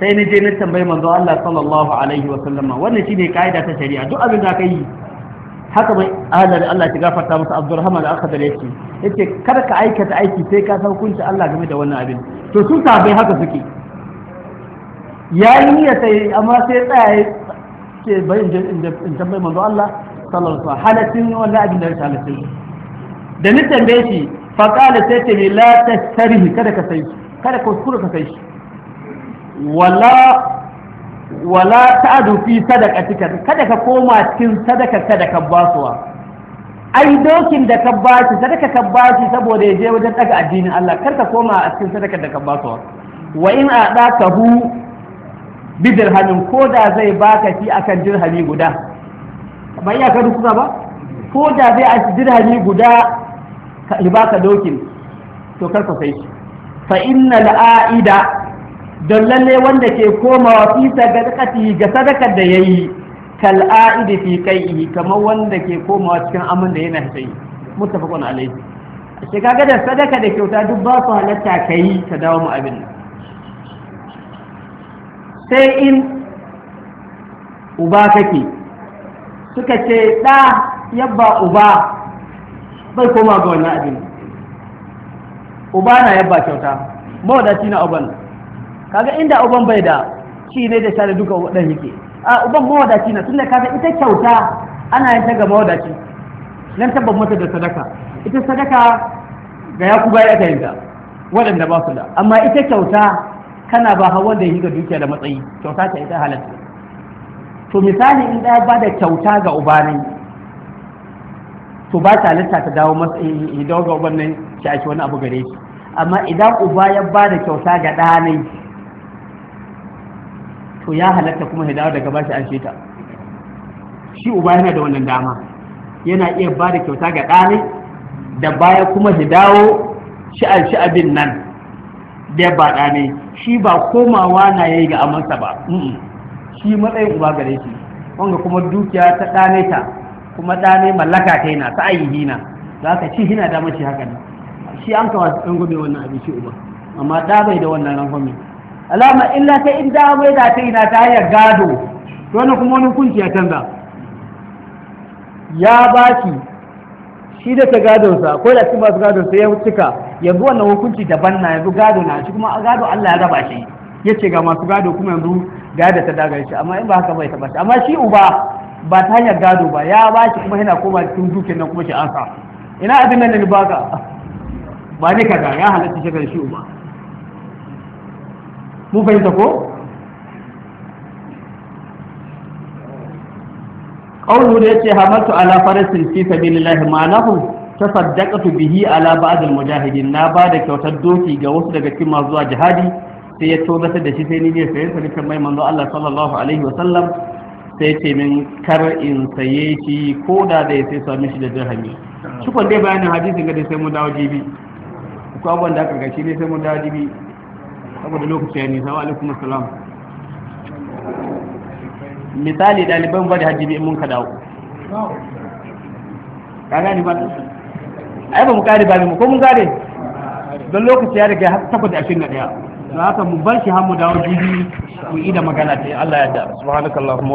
sai ni je na tambayi manzo Allah sallallahu alaihi wasallam wannan shine kaida ta shari'a duk abin da ka yi haka mai ahalar Allah ta gafarta masa Abdulrahman da aka dare shi yace kada ka aikata aiki sai ka san hukunci Allah game da wannan abin to su sabai haka suke yayi ya sai amma sai tsaya ce bayin in tambayi manzo Allah sallallahu alaihi wasallam halatin wannan abin da ya halatin da ni tambaye shi fa qala sai ce la tashtarihi kada ka sai kada ka kuskura ka sai wala wala ta'adu fi sadaka sadaqatika kada ka koma cikin sadaka sadaka basuwa ai dokin da ka bashi sadaka ka bashi saboda ya je wajen daga addinin Allah kar ka koma a cikin sadaka da ka basuwa wa in adaka hu bi dirhamin ko da zai baka shi akan dirhami guda ba iya ka rukusa ba ko da zai a dirhami guda ka baka dokin to kar ka sai shi fa inna la'ida don lalle wanda ke komawa fi sadaqati ga sadakar da yayi kal aidi fi kaihi kamar wanda ke komawa cikin amin da yana sai muttafaqun alaihi sai kaga da sadaka da kyauta duk ba su halatta kai ka dawo mu abin sai in uba kake suka ce da yabba uba bai koma ga wannan abin uba na yabba kyauta mawadaci na uban kaga inda uban bai da shi ne da share duka wadan yake a uban mawadaci na tunda kaga ita kyauta ana yin ta ga mawadaci nan tabbata mata da sadaka ita sadaka ga yaku bai aka yin ta waɗanda ba su da amma ita kyauta kana ba hawa da yi ga dukiya da matsayi kyauta ta ita halatta to misali in ɗaya ba da kyauta ga ubanai to ba ta lissa ta dawo matsayi eh, eh, dawo ga ubannin shi ake wani abu gare shi amma idan uba ya ba da kyauta ga ɗanai to ya halatta kuma hidawa daga bashi an sheta shi uba yana da wannan dama yana iya ba da kyauta ga ɗani da baya kuma hidawo sha'al sha'abin nan da ba ɗani shi ba komawa na yayi ga amansa ba shi matsayin uba gare shi wanga kuma dukiya ta ɗane ta kuma ɗane mallaka ta yana ta ayi hina za ka ci hina damar shi haka shi an kawo ɗan gobe wannan abin shi uba amma ɗa bai da wannan rangwame alama illa ta in mai da ta ina ta hanyar gado to wani kuma wani hukunci ya canza ya baki shi da ta gadonsa ko da cikin masu gadonsa ya cika yanzu wannan hukunci daban na yanzu gado na shi kuma gado Allah ya raba shi ya ce ga masu gado kuma yanzu gado ta daga shi amma in ba haka bai taba shi amma shi uba ba ta hanyar gado ba ya ba shi kuma yana koma cikin dukiyar nan kuma shi ansa. ina abin nan da ni baka ba ne kaza ya halatta shi shi uba mun fahimta ko qawlu da yace hamatu ala farasin fi sabilillah ma'anahu tasaddaqatu bihi ala ba'd al-mujahidin na ba da kyautar doki ga wasu daga cikin masu zuwa jihadi sai ya tobatar da shi sai ni ne sai sai kan mai manzo Allah sallallahu alaihi wa sallam sai ce min kar in saye shi ko da zai sai sa mishi da dirhami shi kun dai bayanin hadisin ga sai mu dawo jibi ko abin da aka gashi ne sai mu dawo jibi saboda lokaci ya nisa wa alaikum assalam misali ɗaliban ba da hajji ne mun ka dawo ka gani ba ai ba mu kare ba mu ko mun kare don lokaci ya riga har takwas da ashirin da ɗaya don haka mu bar shi har mu dawo jibi mu yi da magana ta Allah ya da subhanakallahumma